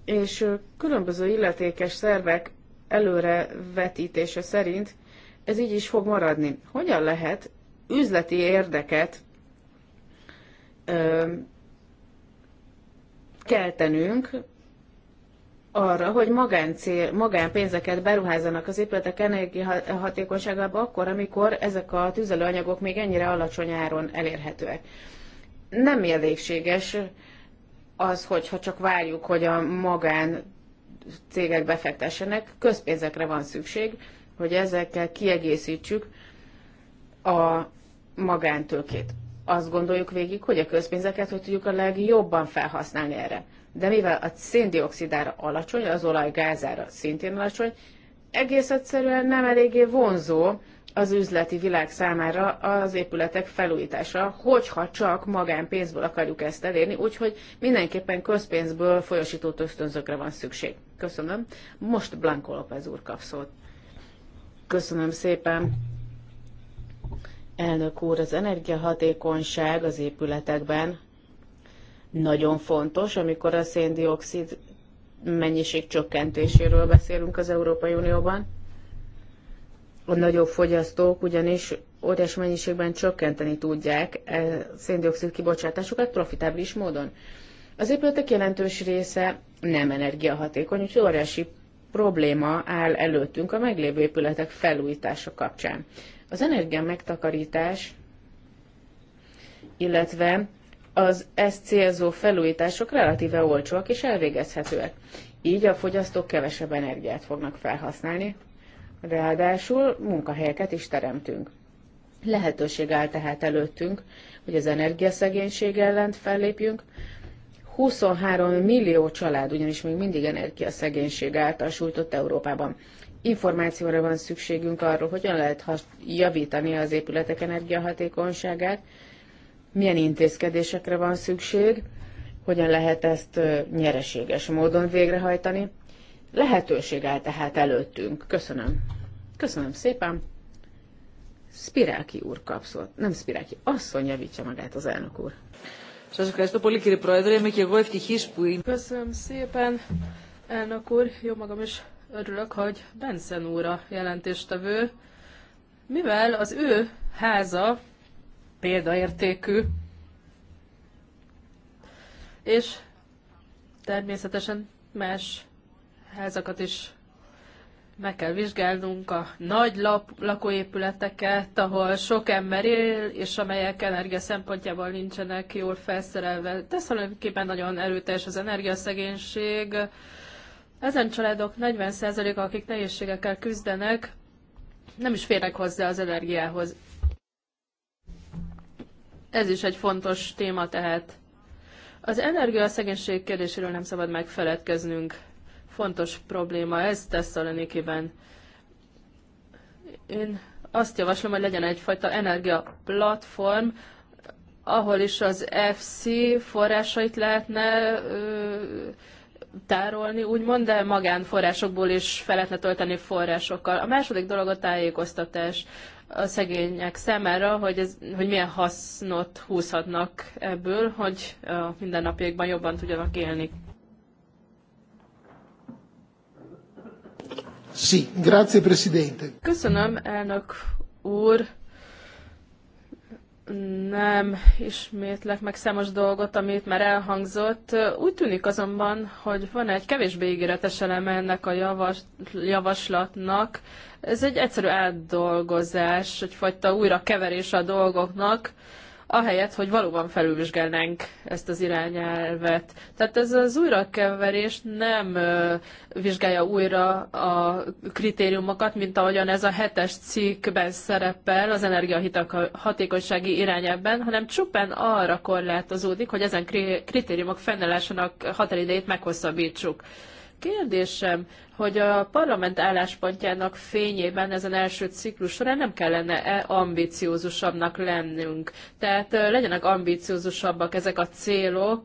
És különböző illetékes szervek előrevetítése szerint ez így is fog maradni. Hogyan lehet üzleti érdeket ö, keltenünk arra, hogy magáncél, magánpénzeket beruházzanak az épületek energiahatékonyságába akkor, amikor ezek a tüzelőanyagok még ennyire alacsony áron elérhetőek. Nem elégséges az, hogyha csak várjuk, hogy a magán cégek befektessenek, közpénzekre van szükség, hogy ezekkel kiegészítsük a magántőkét. Azt gondoljuk végig, hogy a közpénzeket hogy tudjuk a legjobban felhasználni erre. De mivel a széndiokszidára alacsony, az gázára szintén alacsony, egész egyszerűen nem eléggé vonzó az üzleti világ számára az épületek felújítása, hogyha csak magánpénzből akarjuk ezt elérni, úgyhogy mindenképpen közpénzből folyosító ösztönzökre van szükség. Köszönöm. Most Blanko López úr kap szót. Köszönöm szépen. Elnök úr, az energiahatékonyság az épületekben nagyon fontos, amikor a széndiokszid mennyiség csökkentéséről beszélünk az Európai Unióban. A nagyobb fogyasztók ugyanis óriás mennyiségben csökkenteni tudják e széndiokszid kibocsátásukat profitábilis módon. Az épületek jelentős része nem energiahatékony, úgyhogy óriási probléma áll előttünk a meglévő épületek felújítása kapcsán. Az energia megtakarítás, illetve az ezt célzó felújítások relatíve olcsóak és elvégezhetőek. Így a fogyasztók kevesebb energiát fognak felhasználni, ráadásul munkahelyeket is teremtünk. Lehetőség áll tehát előttünk, hogy az energiaszegénység ellen fellépjünk. 23 millió család ugyanis még mindig energiaszegénység által sújtott Európában információra van szükségünk arról, hogyan lehet javítani az épületek energiahatékonyságát, milyen intézkedésekre van szükség, hogyan lehet ezt nyereséges módon végrehajtani. Lehetőség áll tehát előttünk. Köszönöm. Köszönöm szépen. Spiráki úr kapszott. Nem Spiráki, asszony javítsa magát az elnök úr. Köszönöm szépen, elnök úr. Jó magam is örülök, hogy Benszen úr a jelentéstevő, mivel az ő háza példaértékű, és természetesen más házakat is meg kell vizsgálnunk a nagy lap, lakóépületeket, ahol sok ember él, és amelyek energia szempontjából nincsenek jól felszerelve. Tesszaloniképpen nagyon erőteljes az energiaszegénység, ezen családok 40%-a, akik nehézségekkel küzdenek, nem is férnek hozzá az energiához. Ez is egy fontos téma tehát. Az energiaszegénység kérdéséről nem szabad megfeledkeznünk. Fontos probléma ez Tesszalonikiben. Én azt javaslom, hogy legyen egyfajta energiaplatform, ahol is az FC forrásait lehetne ö, tárolni, úgymond, de magánforrásokból is fel lehetne tölteni forrásokkal. A második dolog a tájékoztatás a szegények számára, hogy, ez, hogy milyen hasznot húzhatnak ebből, hogy a mindennapjaikban jobban tudjanak élni. Sí, grazie, Presidente. Köszönöm, elnök úr nem ismétlek meg számos dolgot, amit már elhangzott. Úgy tűnik azonban, hogy van egy kevésbé ígéretes eleme ennek a javas, javaslatnak. Ez egy egyszerű átdolgozás, egyfajta újrakeverés a dolgoknak. Uh, ahelyett, hogy valóban felülvizsgálnánk ezt az irányelvet. Tehát ez az újrakeverés nem vizsgálja újra a kritériumokat, mint ahogyan ez a hetes cikkben szerepel az energiahatékonysági irányelvben, hanem csupán arra korlátozódik, hogy ezen kritériumok fennállásának határidejét meghosszabbítsuk. Kérdésem, hogy a parlament álláspontjának fényében ezen első ciklus során nem kellene -e ambiciózusabbnak lennünk. Tehát legyenek ambiciózusabbak ezek a célok,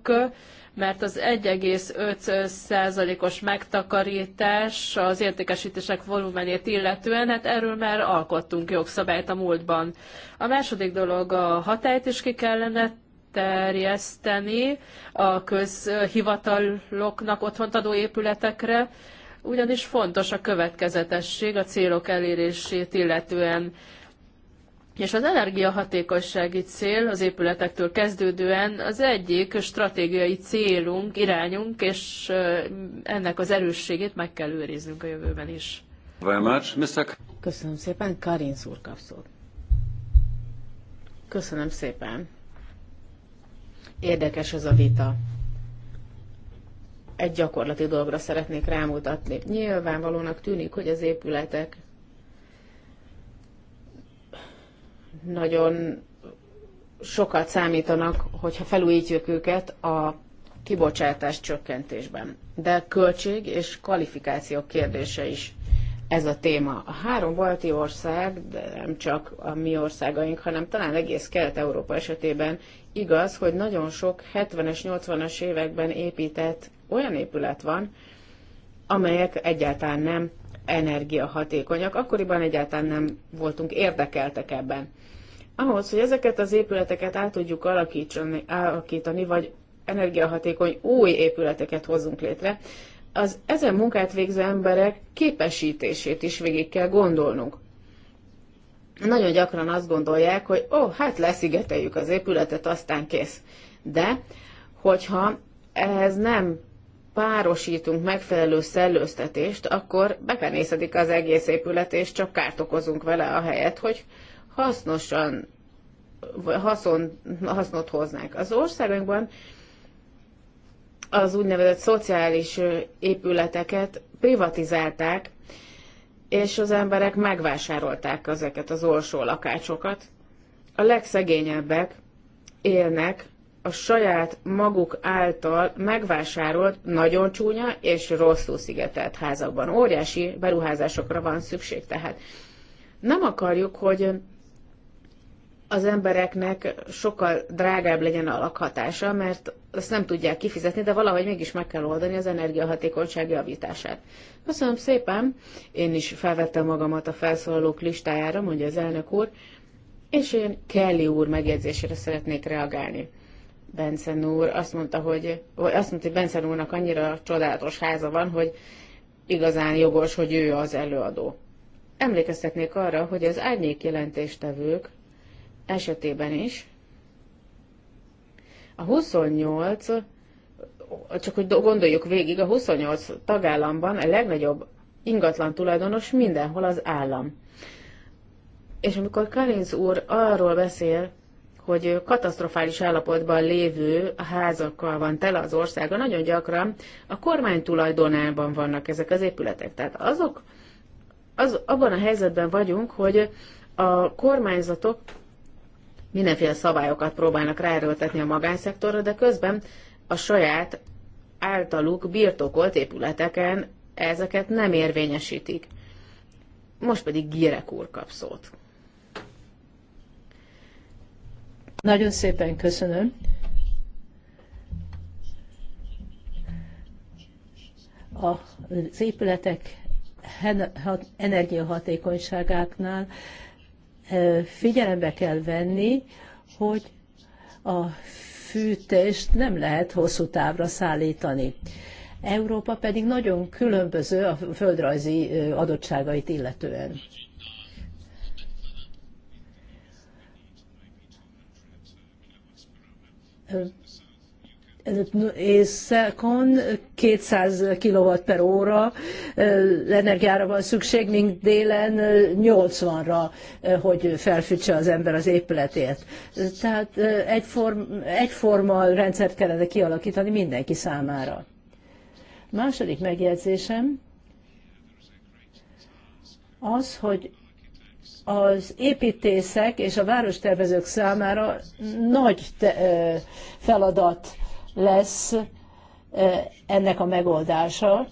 mert az 1,5%-os megtakarítás az értékesítések volumenét illetően, hát erről már alkottunk jogszabályt a múltban. A második dolog a hatályt is ki kellene terjeszteni a közhivataloknak otthont adó épületekre, ugyanis fontos a következetesség a célok elérését illetően. És az energiahatékonysági cél az épületektől kezdődően az egyik stratégiai célunk, irányunk, és ennek az erősségét meg kell őriznünk a jövőben is. Köszönöm szépen, Karin szúr Köszönöm szépen. Érdekes ez a vita. Egy gyakorlati dologra szeretnék rámutatni. Nyilvánvalónak tűnik, hogy az épületek nagyon sokat számítanak, hogyha felújítjuk őket a kibocsátás csökkentésben. De költség és kvalifikáció kérdése is ez a téma. A három balti ország, de nem csak a mi országaink, hanem talán egész Kelet-Európa esetében igaz, hogy nagyon sok 70-es, 80-as években épített olyan épület van, amelyek egyáltalán nem energiahatékonyak. Akkoriban egyáltalán nem voltunk érdekeltek ebben. Ahhoz, hogy ezeket az épületeket át tudjuk alakítani, alakítani vagy energiahatékony új épületeket hozzunk létre, az ezen munkát végző emberek képesítését is végig kell gondolnunk nagyon gyakran azt gondolják, hogy ó, oh, hát leszigeteljük az épületet, aztán kész. De hogyha ehhez nem párosítunk megfelelő szellőztetést, akkor bepenészedik az egész épület, és csak kárt okozunk vele a helyet, hogy hasznosan haszon, hasznot hoznánk. Az országunkban az úgynevezett szociális épületeket privatizálták, és az emberek megvásárolták ezeket az olsó lakásokat. A legszegényebbek élnek a saját maguk által megvásárolt, nagyon csúnya és rosszul szigetelt házakban. Óriási beruházásokra van szükség tehát. Nem akarjuk, hogy az embereknek sokkal drágább legyen a lakhatása, mert azt nem tudják kifizetni, de valahogy mégis meg kell oldani az energiahatékonyság javítását. Köszönöm szépen, én is felvettem magamat a felszólalók listájára, mondja az elnök úr, és én Kelly úr megjegyzésére szeretnék reagálni. Benson úr azt mondta, hogy, vagy azt mondta, hogy Benson úrnak annyira csodálatos háza van, hogy igazán jogos, hogy ő az előadó. Emlékeztetnék arra, hogy az árnyék jelentéstevők esetében is a 28, csak hogy gondoljuk végig, a 28 tagállamban a legnagyobb ingatlan tulajdonos mindenhol az állam. És amikor Kalinz úr arról beszél, hogy katasztrofális állapotban lévő házakkal van tele az országa, nagyon gyakran a kormány tulajdonában vannak ezek az épületek. Tehát azok, az, abban a helyzetben vagyunk, hogy a kormányzatok mindenféle szabályokat próbálnak ráerőltetni a magánszektorra, de közben a saját általuk birtokolt épületeken ezeket nem érvényesítik. Most pedig Gyerek úr kap szót. Nagyon szépen köszönöm. Az épületek energiahatékonyságáknál figyelembe kell venni, hogy a fűtést nem lehet hosszú távra szállítani. Európa pedig nagyon különböző a földrajzi adottságait illetően északon 200 kW per óra energiára van szükség, míg délen 80-ra, hogy felfűtse az ember az épületét. Tehát egyform, egyforma rendszert kellene kialakítani mindenki számára. Második megjegyzésem az, hogy az építészek és a várostervezők számára nagy feladat lesz ennek a megoldása.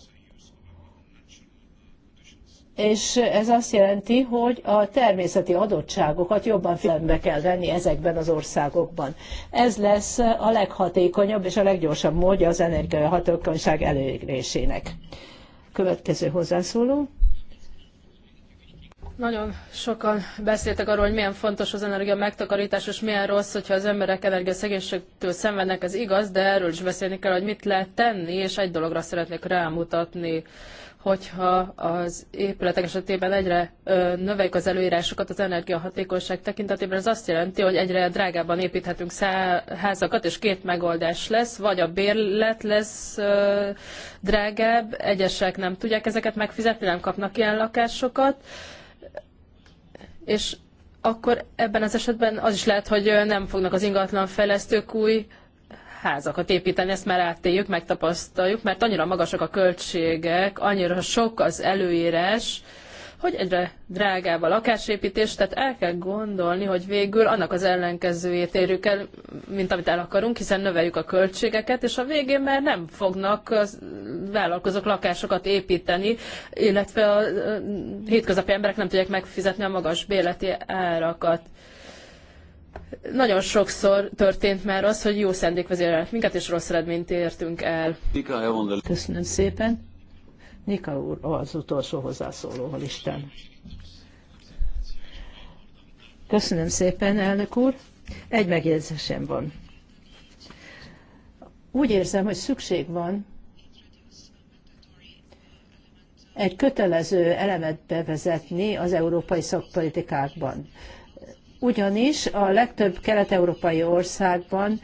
És ez azt jelenti, hogy a természeti adottságokat jobban figyelembe kell venni ezekben az országokban. Ez lesz a leghatékonyabb és a leggyorsabb módja az energiahatékonyság elérésének. Következő hozzászóló. Nagyon sokan beszéltek arról, hogy milyen fontos az energia megtakarítás, és milyen rossz, hogyha az emberek energiaszegénységtől szenvednek, ez igaz, de erről is beszélni kell, hogy mit lehet tenni, és egy dologra szeretnék rámutatni, hogyha az épületek esetében egyre ö, növeljük az előírásokat az energiahatékonyság tekintetében, ez azt jelenti, hogy egyre drágábban építhetünk házakat, és két megoldás lesz, vagy a bérlet lesz ö, drágább, egyesek nem tudják ezeket megfizetni, nem kapnak ilyen lakásokat, ö, és akkor ebben az esetben az is lehet, hogy nem fognak az ingatlan fejlesztők új házakat építeni, ezt már átéljük, megtapasztaljuk, mert annyira magasak a költségek, annyira sok az előírás, hogy egyre drágább a lakásépítés, tehát el kell gondolni, hogy végül annak az ellenkezőjét érjük el, mint amit el akarunk, hiszen növeljük a költségeket, és a végén már nem fognak vállalkozók lakásokat építeni, illetve a hétköznapi emberek nem tudják megfizetni a magas béleti árakat nagyon sokszor történt már az, hogy jó szendék vezérelt minket, és rossz eredményt értünk el. Köszönöm szépen. Nika úr az utolsó hozzászóló a Köszönöm szépen, elnök úr. Egy megjegyzésem van. Úgy érzem, hogy szükség van egy kötelező elemet bevezetni az európai szakpolitikákban. Ugyanis a legtöbb kelet-európai országban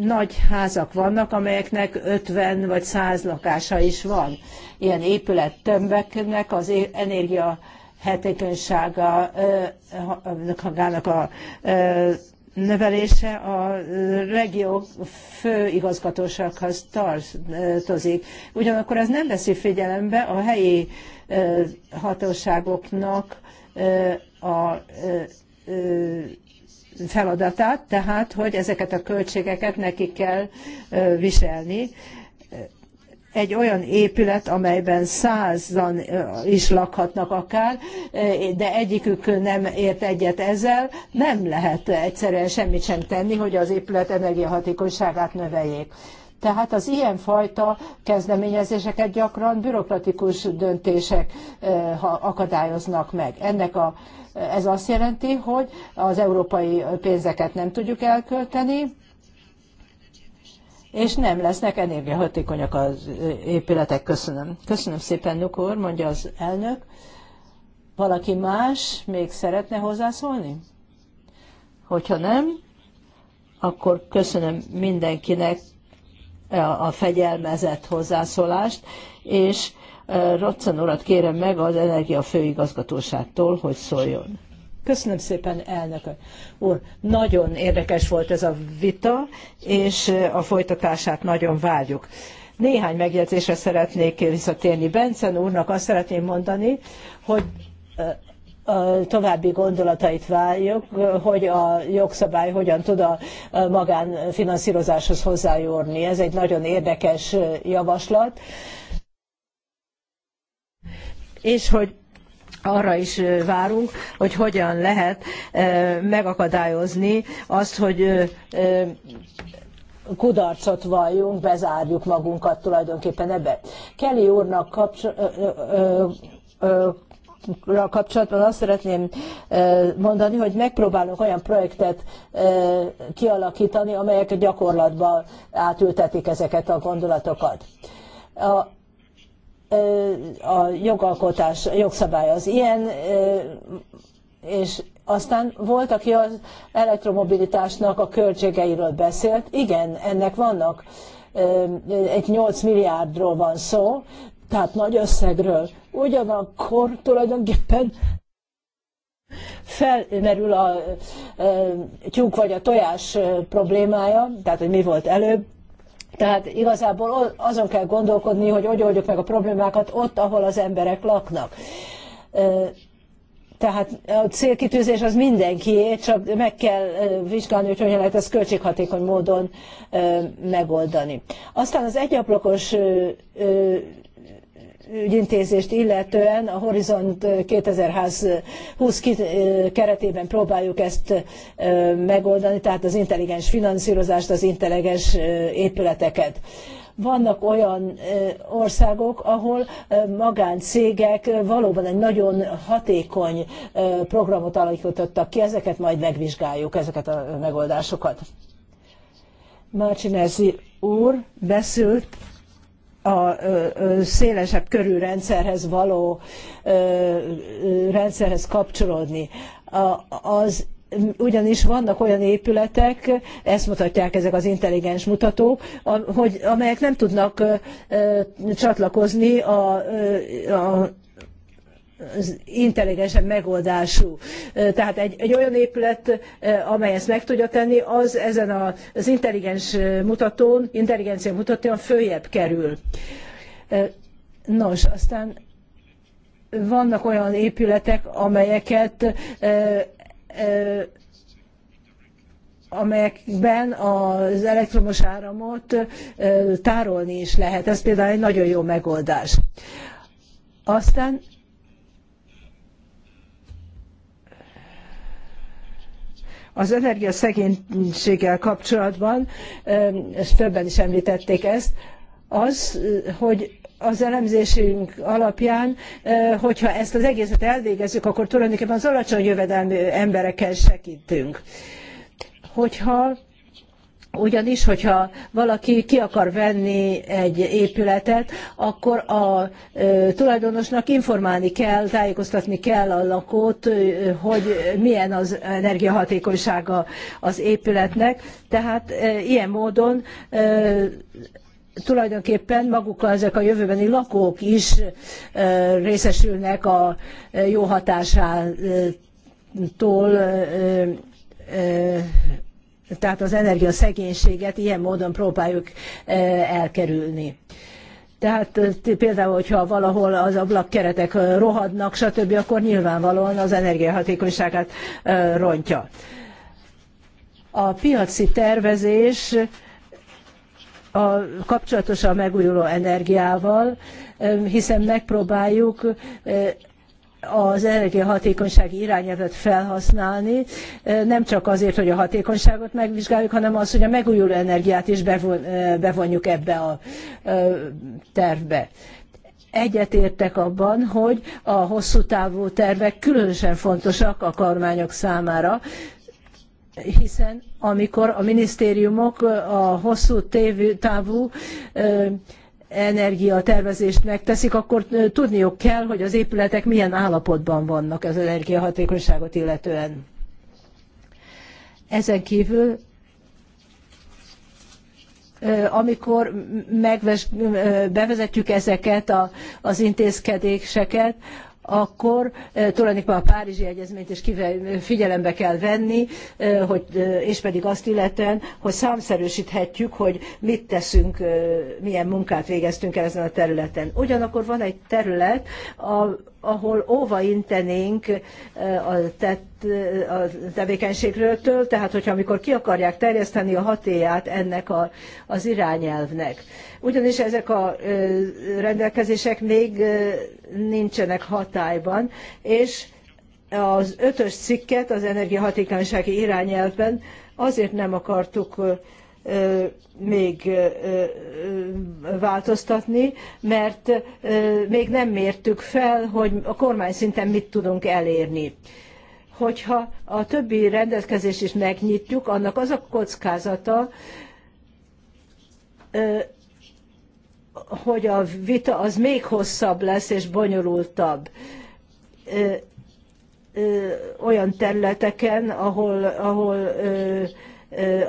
nagy házak vannak, amelyeknek 50 vagy 100 lakása is van. Ilyen épület tömbeknek az energia hatékonyságának a növelése a regió igazgatósághoz tartozik. Ugyanakkor ez nem veszi figyelembe a helyi hatóságoknak a feladatát, tehát hogy ezeket a költségeket neki kell viselni. Egy olyan épület, amelyben százan is lakhatnak akár, de egyikük nem ért egyet ezzel, nem lehet egyszerűen semmit sem tenni, hogy az épület energiahatékonyságát növeljék. Tehát az ilyenfajta kezdeményezéseket gyakran bürokratikus döntések eh, akadályoznak meg. Ennek a, ez azt jelenti, hogy az európai pénzeket nem tudjuk elkölteni, és nem lesznek energiahatékonyak az eh, épületek. Köszönöm. Köszönöm szépen, Nukor, mondja az elnök. Valaki más még szeretne hozzászólni? Hogyha nem, akkor köszönöm mindenkinek, a fegyelmezett hozzászólást, és Roccen urat kérem meg az Energia Főigazgatóságtól, hogy szóljon. Köszönöm szépen, elnök úr. Nagyon érdekes volt ez a vita, és a folytatását nagyon várjuk. Néhány megjegyzésre szeretnék visszatérni. Bencen úrnak azt szeretném mondani, hogy további gondolatait várjuk, hogy a jogszabály hogyan tud a magánfinanszírozáshoz hozzájárulni. Ez egy nagyon érdekes javaslat. És hogy arra is várunk, hogy hogyan lehet megakadályozni azt, hogy kudarcot valljunk, bezárjuk magunkat tulajdonképpen ebbe. Kelly úrnak kapcs- kapcsolatban azt szeretném e, mondani, hogy megpróbálunk olyan projektet e, kialakítani, amelyek gyakorlatban átültetik ezeket a gondolatokat. A, e, a jogalkotás, a jogszabály az ilyen, és aztán volt, aki az elektromobilitásnak a költségeiről beszélt. Igen, ennek vannak egy 8 milliárdról van szó, tehát nagy összegről. Ugyanakkor tulajdonképpen felmerül a, a, tyúk vagy a tojás problémája, tehát hogy mi volt előbb, tehát igazából azon kell gondolkodni, hogy hogy oldjuk meg a problémákat ott, ahol az emberek laknak. Tehát a célkitűzés az mindenkié, csak meg kell vizsgálni, hogy hogyan lehet ezt költséghatékony módon megoldani. Aztán az egyablakos ügyintézést illetően a Horizont 2020 keretében próbáljuk ezt megoldani, tehát az intelligens finanszírozást, az intelligens épületeket vannak olyan országok, ahol magáncégek valóban egy nagyon hatékony programot alakítottak ki, ezeket majd megvizsgáljuk, ezeket a megoldásokat. Márcinezi úr beszélt a szélesebb körű rendszerhez való rendszerhez kapcsolódni. Az ugyanis vannak olyan épületek, ezt mutatják ezek az intelligens mutatók, hogy, amelyek nem tudnak csatlakozni a, a intelligensebb megoldású. Tehát egy, egy olyan épület, amely ezt meg tudja tenni, az ezen az intelligens mutatón, intelligencia mutatón följebb kerül. Nos, aztán vannak olyan épületek, amelyeket amelyekben az elektromos áramot tárolni is lehet. Ez például egy nagyon jó megoldás. Aztán Az energiaszegénységgel kapcsolatban, és többen is említették ezt, az, hogy az elemzésünk alapján, hogyha ezt az egészet elvégezzük, akkor tulajdonképpen az alacsony jövedelmű emberekkel segítünk. Hogyha ugyanis, hogyha valaki ki akar venni egy épületet, akkor a tulajdonosnak informálni kell, tájékoztatni kell a lakót, hogy milyen az energiahatékonysága az épületnek. Tehát ilyen módon tulajdonképpen maguk ezek a jövőbeni lakók is részesülnek a jó hatásától tehát az energiaszegénységet ilyen módon próbáljuk eh, elkerülni. Tehát eh, például, hogyha valahol az ablakkeretek eh, rohadnak, stb., akkor nyilvánvalóan az energiahatékonyságát rontja. A piaci tervezés a kapcsolatos a megújuló energiával, hiszen megpróbáljuk az energiahatékonysági irányelvet felhasználni, nem csak azért, hogy a hatékonyságot megvizsgáljuk, hanem az, hogy a megújuló energiát is bevonjuk ebbe a tervbe. Egyetértek abban, hogy a hosszú távú tervek különösen fontosak a kormányok számára, hiszen amikor a minisztériumok a hosszú távú energiatervezést megteszik, akkor tudniuk kell, hogy az épületek milyen állapotban vannak az energiahatékonyságot illetően. Ezen kívül amikor megves, bevezetjük ezeket a, az intézkedéseket, akkor eh, tulajdonképpen a Párizsi Egyezményt is figyelembe kell venni, eh, hogy, eh, és pedig azt illetően, hogy számszerűsíthetjük, hogy mit teszünk, milyen munkát végeztünk el ezen a területen. Ugyanakkor van egy terület, a, ahol óva intenénk eh, a, tett, eh, a tevékenységről, tehát hogyha amikor ki akarják terjeszteni a hatéját ennek a, az irányelvnek. Ugyanis ezek a eh, rendelkezések még nincsenek hatályban, és az ötös cikket az energiahatékonysági irányelvben azért nem akartuk még változtatni, mert még nem mértük fel, hogy a kormány szinten mit tudunk elérni. Hogyha a többi rendelkezés is megnyitjuk, annak az a kockázata, hogy a vita az még hosszabb lesz és bonyolultabb olyan területeken, ahol, ahol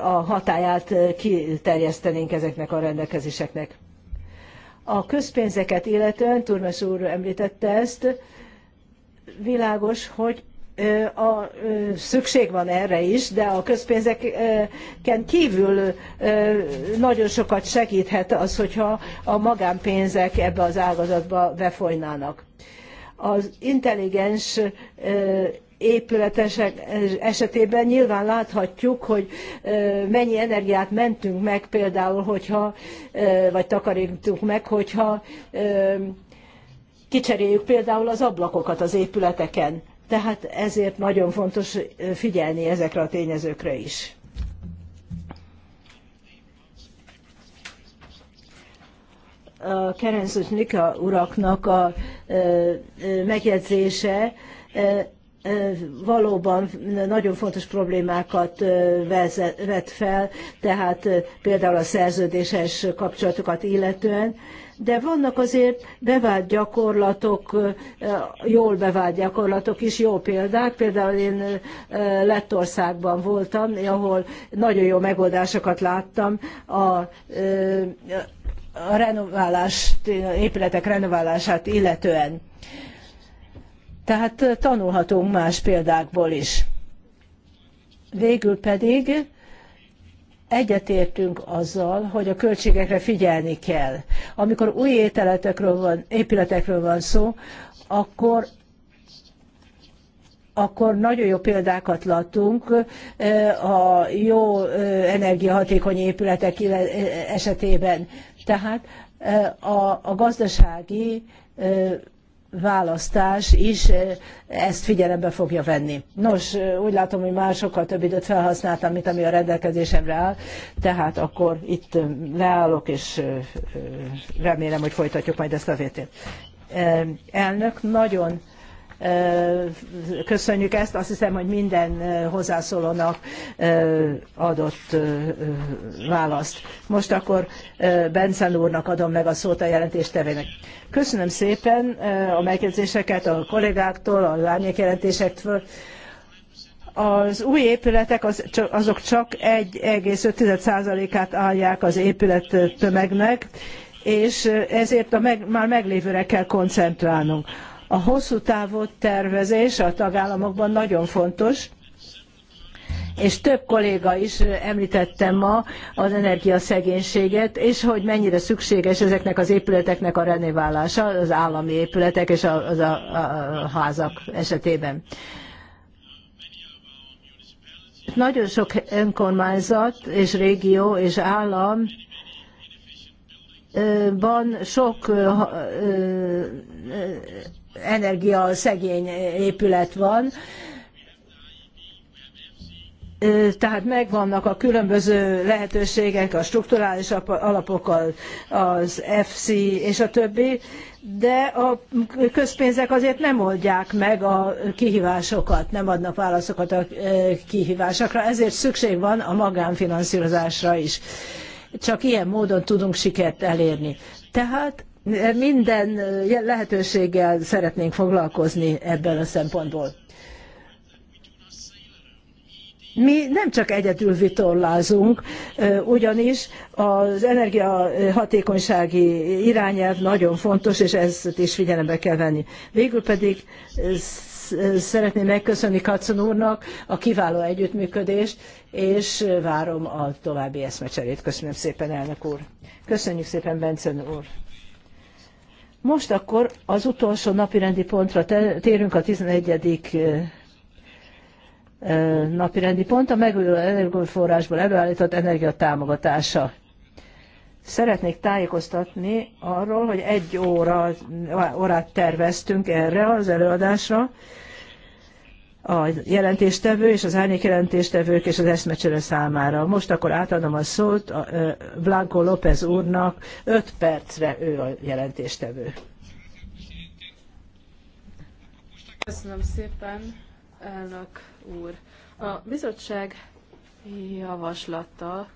a hatáját kiterjesztenénk ezeknek a rendelkezéseknek. A közpénzeket illetően, Turmes úr említette ezt, világos, hogy a, szükség van erre is, de a közpénzeken kívül nagyon sokat segíthet az, hogyha a magánpénzek ebbe az ágazatba befolynának. Az intelligens épületesek esetében nyilván láthatjuk, hogy mennyi energiát mentünk meg például, hogyha, vagy takarítunk meg, hogyha kicseréljük például az ablakokat az épületeken. Tehát ezért nagyon fontos figyelni ezekre a tényezőkre is. Kerenzus Nika uraknak a megjegyzése valóban nagyon fontos problémákat vet fel, tehát például a szerződéses kapcsolatokat illetően, de vannak azért bevált gyakorlatok, jól bevált gyakorlatok is, jó példák. Például én Lettországban voltam, ahol nagyon jó megoldásokat láttam a, a renoválást, épületek renoválását illetően tehát tanulhatunk más példákból is. Végül pedig egyetértünk azzal, hogy a költségekre figyelni kell. Amikor új ételetekről van, épületekről van szó, akkor akkor nagyon jó példákat láttunk a jó energiahatékony épületek esetében. Tehát a, a gazdasági választás is ezt figyelembe fogja venni. Nos, úgy látom, hogy már sokkal több időt felhasználtam, mint ami a rendelkezésemre áll, tehát akkor itt leállok, és remélem, hogy folytatjuk majd ezt a vétét. Elnök, nagyon Köszönjük ezt, azt hiszem, hogy minden hozzászólónak adott választ. Most akkor Benson úrnak adom meg a szót a jelentéstevének. Köszönöm szépen a megjegyzéseket a kollégáktól, a jelentésektől. az új épületek az, azok csak 1,5%-át állják az épület tömegnek, és ezért a meg, már meglévőre kell koncentrálnunk. A hosszú távú tervezés a tagállamokban nagyon fontos, és több kolléga is említette ma az energiaszegénységet, és hogy mennyire szükséges ezeknek az épületeknek a renoválása, az állami épületek és az a, a házak esetében. Nagyon sok önkormányzat és régió és állam van sok energiaszegény épület van, tehát megvannak a különböző lehetőségek, a strukturális alapokkal, az FC és a többi, de a közpénzek azért nem oldják meg a kihívásokat, nem adnak válaszokat a kihívásokra, ezért szükség van a magánfinanszírozásra is. Csak ilyen módon tudunk sikert elérni. Tehát minden eh, lehetőséggel szeretnénk foglalkozni ebben a szempontból. Mi nem csak egyedül vitorlázunk, eh, ugyanis az energiahatékonysági irányelv nagyon fontos, és ezt is figyelembe kell venni. Végül pedig eh, szeretném megköszönni Katszon úrnak a kiváló együttműködést, és várom a további eszmecserét. Köszönöm szépen, elnök úr. Köszönjük szépen, Benson úr. Most akkor az utolsó napirendi pontra térünk a 11 napirendi pont a megújuló energiaforrásból előállított energia támogatása. Szeretnék tájékoztatni arról, hogy egy óra, órát terveztünk erre az előadásra, a jelentéstevő és az árnyék jelentéstevők és az eszmecsere számára. Most akkor átadom a szót Blanco López úrnak, 5 percre ő a jelentéstevő. Köszönöm szépen, elnök úr. A bizottság javaslata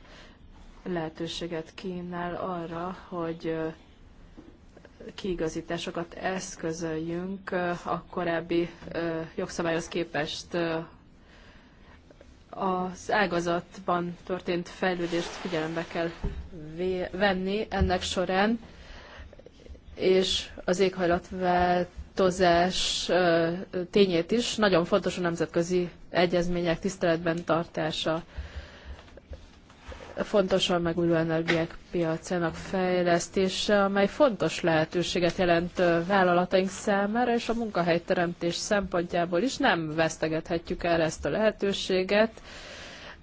lehetőséget kínál arra, hogy kiigazításokat eszközöljünk a korábbi jogszabályhoz képest az ágazatban történt fejlődést figyelembe kell venni ennek során, és az éghajlatváltozás tényét is. Nagyon fontos a nemzetközi egyezmények tiszteletben tartása fontos a megújuló energiák piacának fejlesztése, amely fontos lehetőséget jelent vállalataink számára, és a munkahelyteremtés szempontjából is nem vesztegethetjük el ezt a lehetőséget,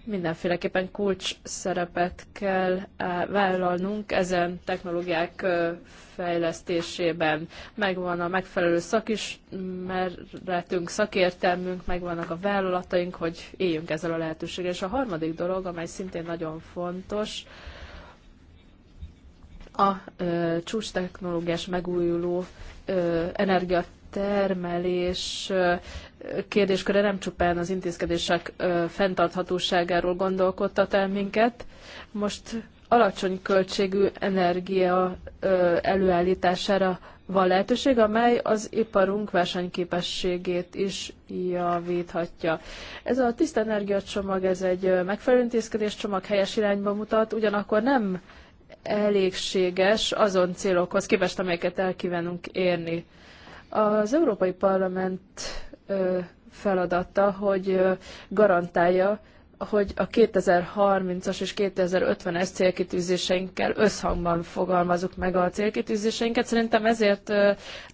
mindenféleképpen kulcs szerepet kell eh, vállalnunk ezen technológiák eh, fejlesztésében. Megvan a megfelelő szakismeretünk, szakértelmünk, megvannak a vállalataink, hogy éljünk ezzel a lehetőséggel. És a harmadik dolog, amely szintén nagyon fontos, a ö, eh, csúcs technológiás megújuló ö, energiatermelés kérdésköre nem csupán az intézkedések fenntarthatóságáról gondolkodtat el minket. Most alacsony költségű energia előállítására van lehetőség, amely az iparunk versenyképességét is javíthatja. Ez a tiszta energiacsomag, ez egy megfelelő intézkedés csomag helyes irányba mutat, ugyanakkor nem elégséges azon célokhoz képest, amelyeket el kívánunk érni. Az Európai Parlament feladata, hogy garantálja, hogy a 2030-as és 2050-es célkitűzéseinkkel összhangban fogalmazunk meg a célkitűzéseinket. Szerintem ezért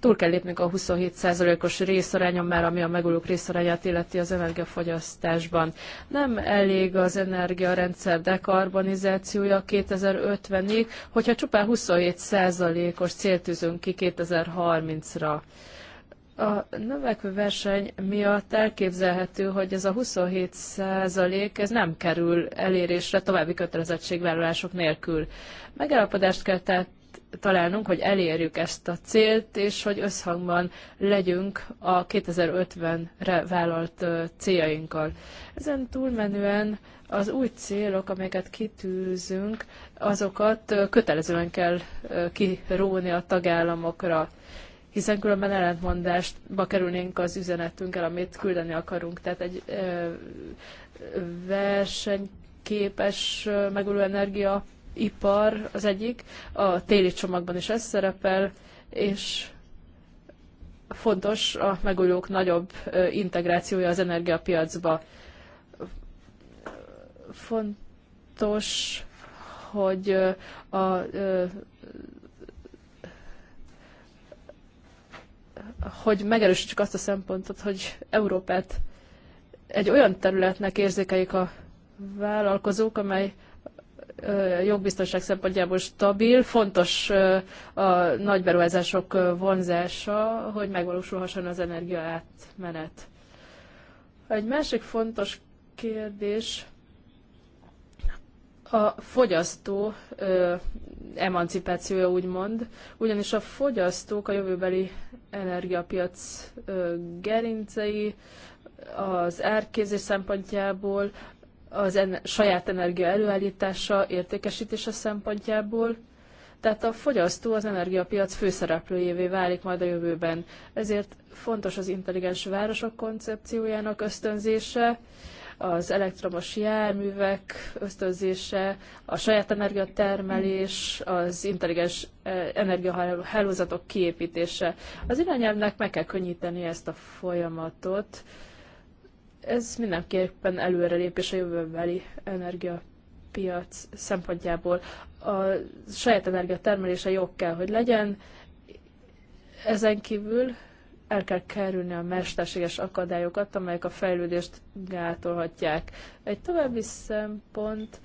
túl kell lépnünk a 27%-os részarányon már, ami a megújulók részarányát illeti az energiafogyasztásban. Nem elég az energiarendszer dekarbonizációja 2050-ig, hogyha csupán 27%-os céltűzünk, ki 2030-ra. A növekvő verseny miatt elképzelhető, hogy ez a 27 százalék nem kerül elérésre további kötelezettségvállalások nélkül. Megállapodást kell tehát találnunk, hogy elérjük ezt a célt, és hogy összhangban legyünk a 2050-re vállalt céljainkkal. Ezen túlmenően az új célok, amelyeket kitűzünk, azokat kötelezően kell kiróni a tagállamokra hiszen különben ellentmondásba kerülnénk az üzenetünkkel, amit küldeni akarunk. Tehát egy ö, versenyképes megújuló energia ipar az egyik, a téli csomagban is ez szerepel, és fontos a megújulók nagyobb integrációja az energiapiacba. Fontos, hogy a hogy megerősítsük azt a szempontot, hogy Európát egy olyan területnek érzékeljük a vállalkozók, amely jogbiztonság szempontjából stabil, fontos a nagy beruházások vonzása, hogy megvalósulhasson az energia átmenet. Egy másik fontos kérdés a fogyasztó ö, emancipációja úgymond, ugyanis a fogyasztók a jövőbeli energiapiac ö, gerincei, az árkézés szempontjából, az en- saját energia előállítása, értékesítése szempontjából, tehát a fogyasztó az energiapiac főszereplőjévé válik majd a jövőben. Ezért fontos az intelligens városok koncepciójának ösztönzése, az elektromos járművek ösztönzése, a saját energiatermelés, az intelligens eh, energiahálózatok kiépítése. Az irányelvnek meg kell könnyíteni ezt a folyamatot. Ez mindenképpen előrelépés a jövőbeli energiapiac szempontjából. A saját energiatermelése jog kell, hogy legyen, ezen kívül el kell kerülni a mesterséges akadályokat, amelyek a fejlődést gátolhatják. Egy további szempont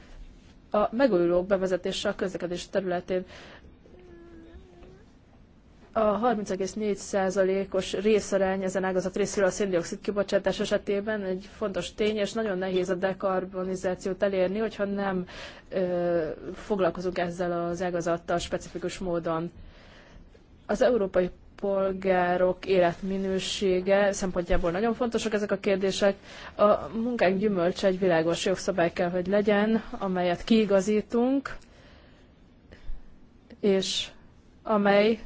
a megújulók bevezetése a közlekedés területén. A 30,4%-os részarány ezen ágazat részéről a széndiokszid kibocsátás esetében egy fontos tény, és nagyon nehéz a dekarbonizációt elérni, hogyha nem ö, foglalkozunk ezzel az ágazattal specifikus módon. Az Európai polgárok életminősége szempontjából nagyon fontosak ezek a kérdések. A munkánk gyümölcse egy világos jogszabály kell, hogy legyen, amelyet kiigazítunk, és amely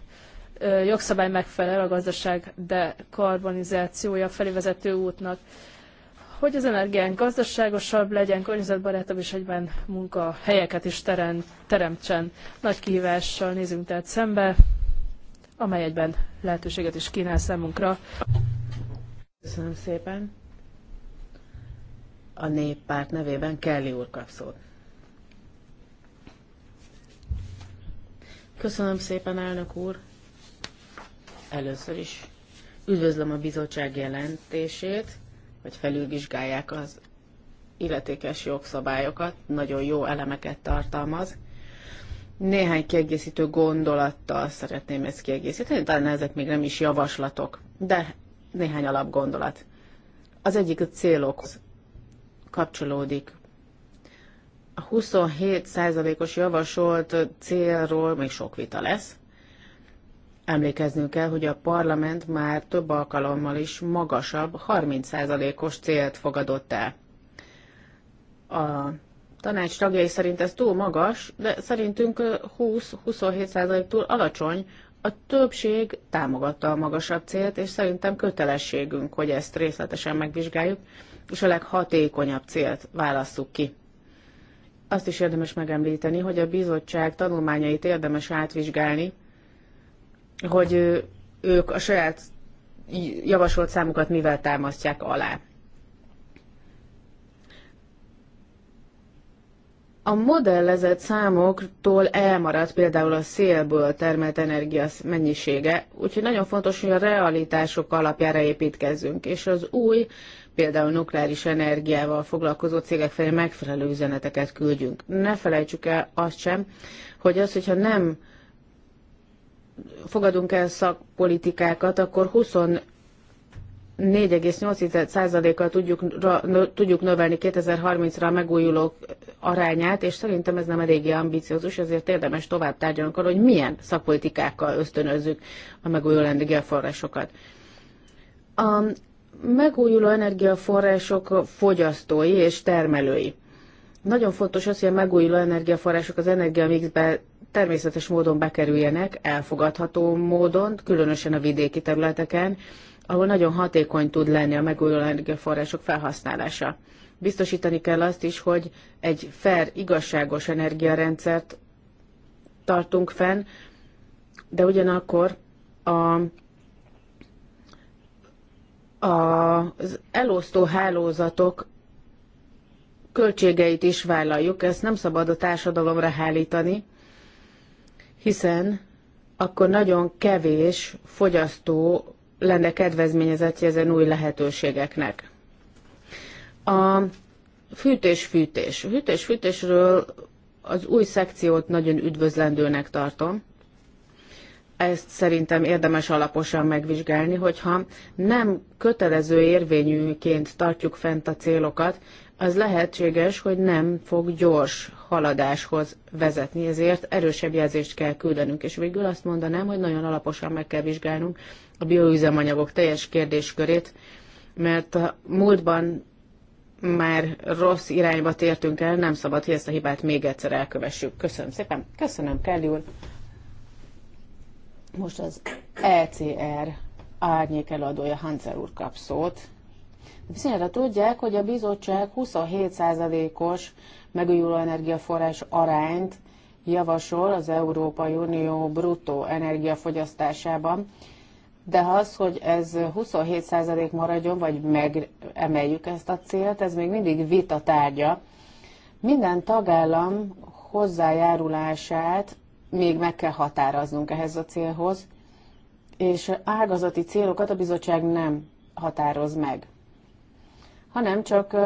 jogszabály megfelel a gazdaság dekarbonizációja felé vezető útnak. Hogy az energiánk gazdaságosabb legyen, környezetbarátabb és egyben munkahelyeket is terem, teremtsen. Nagy kihívással nézünk tehát szembe, amely egyben lehetőséget is kínál számunkra. Köszönöm szépen. A néppárt nevében Kelly úr kap szót. Köszönöm szépen, elnök úr. Először is üdvözlöm a bizottság jelentését, hogy felülvizsgálják az illetékes jogszabályokat, nagyon jó elemeket tartalmaz, néhány kiegészítő gondolattal szeretném ezt kiegészíteni, talán ezek még nem is javaslatok, de néhány alapgondolat. Az egyik a célok kapcsolódik. A 27%-os javasolt célról még sok vita lesz. Emlékeznünk kell, hogy a parlament már több alkalommal is magasabb 30%-os célt fogadott el. A tanács tagjai szerint ez túl magas, de szerintünk 20-27 túl alacsony. A többség támogatta a magasabb célt, és szerintem kötelességünk, hogy ezt részletesen megvizsgáljuk, és a leghatékonyabb célt válasszuk ki. Azt is érdemes megemlíteni, hogy a bizottság tanulmányait érdemes átvizsgálni, hogy ők a saját javasolt számukat mivel támasztják alá. A modellezett számoktól elmaradt például a szélből termelt energia mennyisége, úgyhogy nagyon fontos, hogy a realitások alapjára építkezzünk, és az új, például nukleáris energiával foglalkozó cégek felé megfelelő üzeneteket küldjünk. Ne felejtsük el azt sem, hogy az, hogyha nem fogadunk el szakpolitikákat, akkor 25 4,8%-kal tudjuk, tudjuk növelni 2030-ra a megújulók arányát, és szerintem ez nem eléggé ambiciózus, ezért érdemes tovább tárgyalni arra, hogy milyen szakpolitikákkal ösztönözzük a megújuló energiaforrásokat. A megújuló energiaforrások fogyasztói és termelői. Nagyon fontos az, hogy a megújuló energiaforrások az energiamixbe természetes módon bekerüljenek, elfogadható módon, különösen a vidéki területeken, ahol nagyon hatékony tud lenni a megújuló energiaforrások felhasználása. Biztosítani kell azt is, hogy egy fair, igazságos energiarendszert tartunk fenn, de ugyanakkor a az elosztó hálózatok költségeit is vállaljuk, ezt nem szabad a társadalomra hálítani, hiszen akkor nagyon kevés fogyasztó lenne kedvezményezettje ezen új lehetőségeknek. A fűtés-fűtés. A fűtés-fűtésről az új szekciót nagyon üdvözlendőnek tartom. Ezt szerintem érdemes alaposan megvizsgálni, hogyha nem kötelező érvényűként tartjuk fent a célokat, az lehetséges, hogy nem fog gyors haladáshoz vezetni, ezért erősebb jelzést kell küldenünk. És végül azt mondanám, hogy nagyon alaposan meg kell vizsgálnunk, a bioüzemanyagok teljes kérdéskörét, mert a múltban már rossz irányba tértünk el, nem szabad, hogy ezt a hibát még egyszer elkövessük. Köszönöm szépen. Köszönöm, Kelly úr. Most az ECR árnyék előadója Hanzer úr kap szót. Viszont tudják, hogy a bizottság 27%-os megújuló energiaforrás arányt javasol az Európai Unió bruttó energiafogyasztásában de az, hogy ez 27% maradjon, vagy megemeljük ezt a célt, ez még mindig vita tárgya. Minden tagállam hozzájárulását még meg kell határoznunk ehhez a célhoz, és ágazati célokat a bizottság nem határoz meg, hanem csak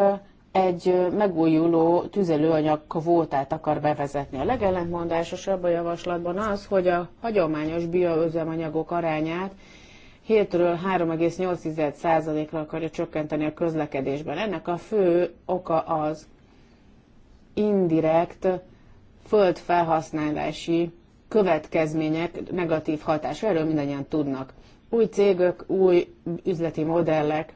egy megújuló tüzelőanyag kvótát akar bevezetni. A legellentmondásosabb a javaslatban az, hogy a hagyományos bioüzemanyagok arányát 7-ről 3,8%-ra akarja csökkenteni a közlekedésben. Ennek a fő oka az indirekt földfelhasználási következmények negatív hatása. Erről mindannyian tudnak. Új cégek, új üzleti modellek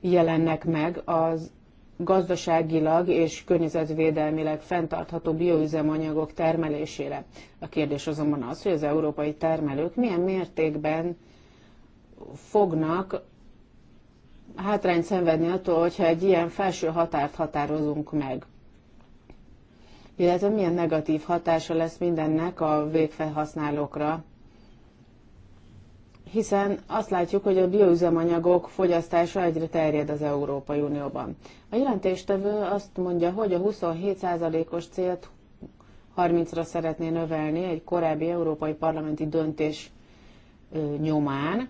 jelennek meg az gazdaságilag és környezetvédelmileg fenntartható bioüzemanyagok termelésére. A kérdés azonban az, hogy az európai termelők milyen mértékben fognak hátrányt szenvedni attól, hogyha egy ilyen felső határt határozunk meg. Illetve milyen negatív hatása lesz mindennek a végfelhasználókra, hiszen azt látjuk, hogy a bioüzemanyagok fogyasztása egyre terjed az Európai Unióban. A jelentéstevő azt mondja, hogy a 27%-os célt 30-ra szeretné növelni egy korábbi európai parlamenti döntés nyomán,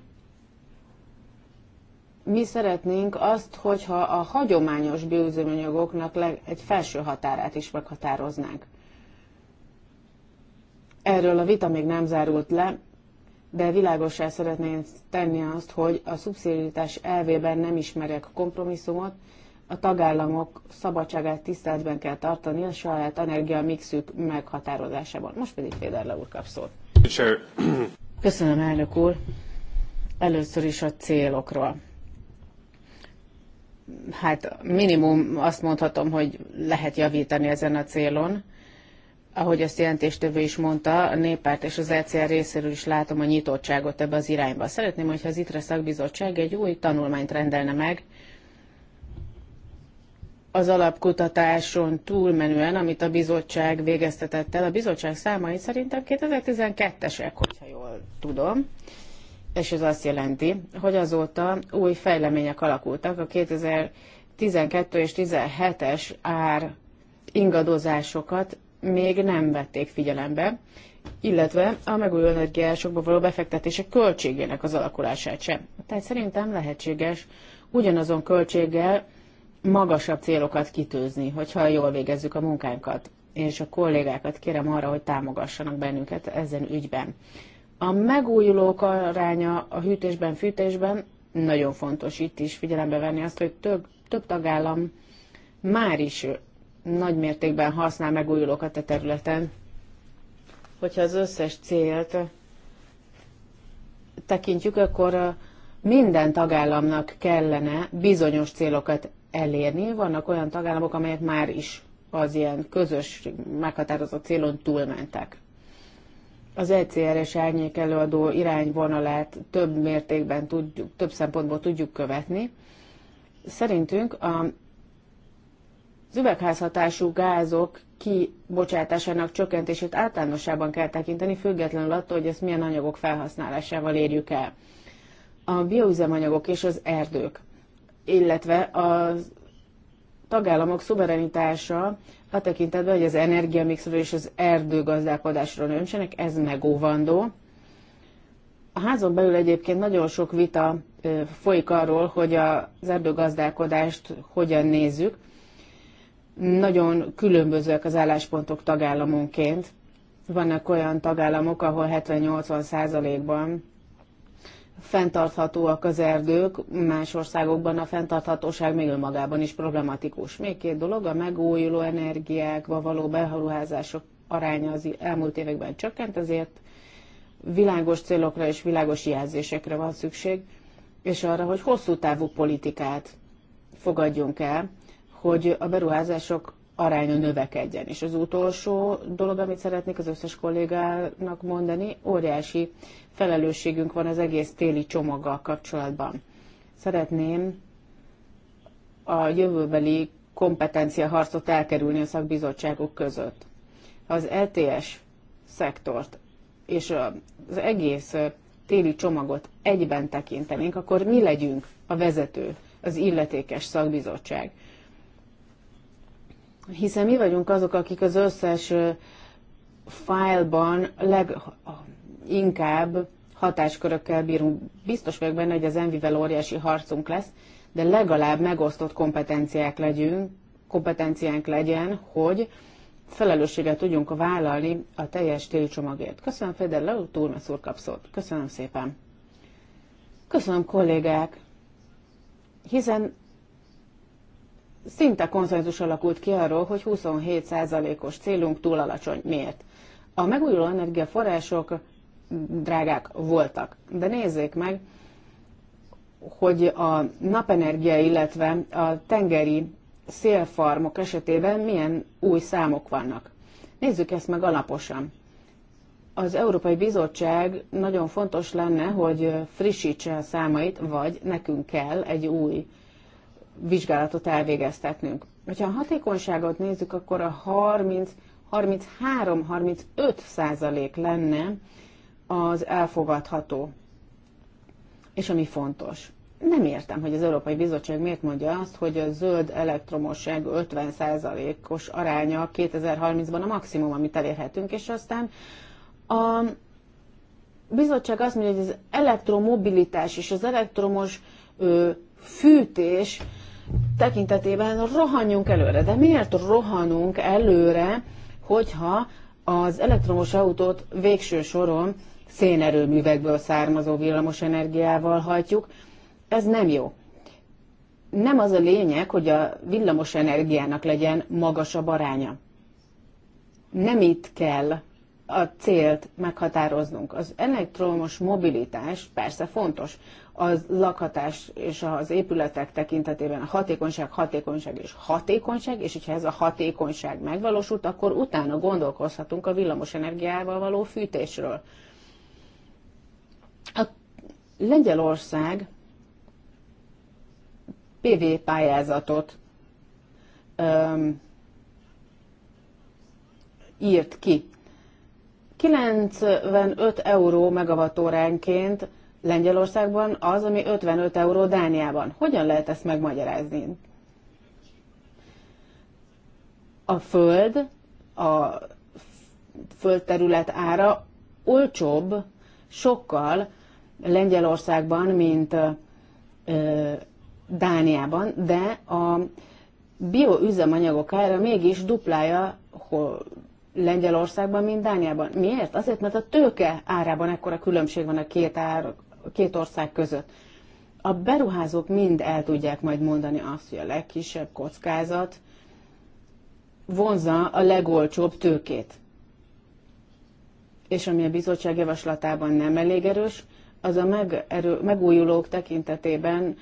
mi szeretnénk azt, hogyha a hagyományos bőzőanyagoknak egy felső határát is meghatároznánk. Erről a vita még nem zárult le, de világosá szeretném tenni azt, hogy a szubszidiaritás elvében nem ismerek kompromisszumot, a tagállamok szabadságát tiszteletben kell tartani a saját energiamixük meghatározásában. Most pedig Féderle úr kap szót. Köszönöm, elnök úr. Először is a célokról hát minimum azt mondhatom, hogy lehet javítani ezen a célon. Ahogy azt jelentéstövő is mondta, a néppárt és az ECR részéről is látom a nyitottságot ebbe az irányba. Szeretném, hogyha az ITRE szakbizottság egy új tanulmányt rendelne meg, az alapkutatáson túlmenően, amit a bizottság végeztetett el, a bizottság számai szerintem 2012-esek, hogyha jól tudom és ez azt jelenti, hogy azóta új fejlemények alakultak a 2012 és 2017-es ár ingadozásokat még nem vették figyelembe, illetve a megújuló energiásokba való befektetések költségének az alakulását sem. Tehát szerintem lehetséges ugyanazon költséggel magasabb célokat kitűzni, hogyha jól végezzük a munkánkat. És a kollégákat kérem arra, hogy támogassanak bennünket ezen ügyben. A megújulók aránya a hűtésben, fűtésben nagyon fontos itt is figyelembe venni azt, hogy több, több tagállam már is nagy mértékben használ megújulókat a területen. Hogyha az összes célt tekintjük, akkor minden tagállamnak kellene bizonyos célokat elérni. Vannak olyan tagállamok, amelyek már is az ilyen közös meghatározott célon túlmentek az ECRS árnyék előadó irányvonalát több mértékben tudjuk, több szempontból tudjuk követni. Szerintünk a, az üvegházhatású gázok kibocsátásának csökkentését általánosában kell tekinteni, függetlenül attól, hogy ezt milyen anyagok felhasználásával érjük el. A bioüzemanyagok és az erdők, illetve a tagállamok szuverenitása a tekintetben, hogy az energiamixről és az erdőgazdálkodásról öntsenek, ez megóvandó. A házon belül egyébként nagyon sok vita folyik arról, hogy az erdőgazdálkodást hogyan nézzük. Nagyon különbözőek az álláspontok tagállamonként. Vannak olyan tagállamok, ahol 70-80 százalékban fenntarthatóak az erdők, más országokban a fenntarthatóság még önmagában is problematikus. Még két dolog, a megújuló energiákba való beharuházások aránya az elmúlt években csökkent, ezért világos célokra és világos jelzésekre van szükség, és arra, hogy hosszú távú politikát fogadjunk el, hogy a beruházások aránya növekedjen. És az utolsó dolog, amit szeretnék az összes kollégának mondani, óriási felelősségünk van az egész téli csomaggal kapcsolatban. Szeretném a jövőbeli kompetenciaharcot elkerülni a szakbizottságok között. Az LTS e szektort és az egész téli csomagot egyben tekintenénk, akkor mi legyünk a vezető, az illetékes szakbizottság. Hiszen mi vagyunk azok, akik az összes fájlban leginkább hatáskörökkel bírunk. Biztos vagyok benne, hogy az envivel óriási harcunk lesz, de legalább megosztott kompetenciák legyünk, kompetenciánk legyen, hogy felelősséget tudjunk vállalni a teljes csomagért. Köszönöm Feder Leó, Turmes úr kapszót. Köszönöm szépen. Köszönöm kollégák, hiszen szinte konszenzus alakult ki arról, hogy 27%-os célunk túl alacsony. Miért? A megújuló energiaforrások drágák voltak. De nézzék meg, hogy a napenergia, illetve a tengeri szélfarmok esetében milyen új számok vannak. Nézzük ezt meg alaposan. Az Európai Bizottság nagyon fontos lenne, hogy frissítse a számait, vagy nekünk kell egy új vizsgálatot elvégeztetnünk. Ha a hatékonyságot nézzük, akkor a 33-35 százalék lenne az elfogadható, és ami fontos. Nem értem, hogy az Európai Bizottság miért mondja azt, hogy a zöld elektromosság 50%-os aránya 2030-ban a maximum, amit elérhetünk, és aztán a bizottság azt mondja, hogy az elektromobilitás és az elektromos ö, fűtés tekintetében rohanjunk előre. De miért rohanunk előre, hogyha az elektromos autót végső soron szénerőművekből származó villamos energiával hajtjuk? Ez nem jó. Nem az a lényeg, hogy a villamos energiának legyen magasabb aránya. Nem itt kell a célt meghatároznunk. Az elektromos mobilitás persze fontos, az lakhatás és az épületek tekintetében a hatékonyság, hatékonyság és hatékonyság, és hogyha ez a hatékonyság megvalósult, akkor utána gondolkozhatunk a villamos energiával való fűtésről. A Lengyelország PV pályázatot um, írt ki. 95 euró megavatóránként Lengyelországban az, ami 55 euró Dániában. Hogyan lehet ezt megmagyarázni? A föld, a földterület ára olcsóbb sokkal Lengyelországban, mint ö, Dániában, de a bioüzemanyagok ára mégis duplája hol, Lengyelországban, mint Dániában. Miért? Azért, mert a tőke árában ekkora különbség van a két ár két ország között. A beruházók mind el tudják majd mondani azt, hogy a legkisebb kockázat vonza a legolcsóbb tőkét. És ami a bizottság javaslatában nem elég erős, az a erő megújulók tekintetében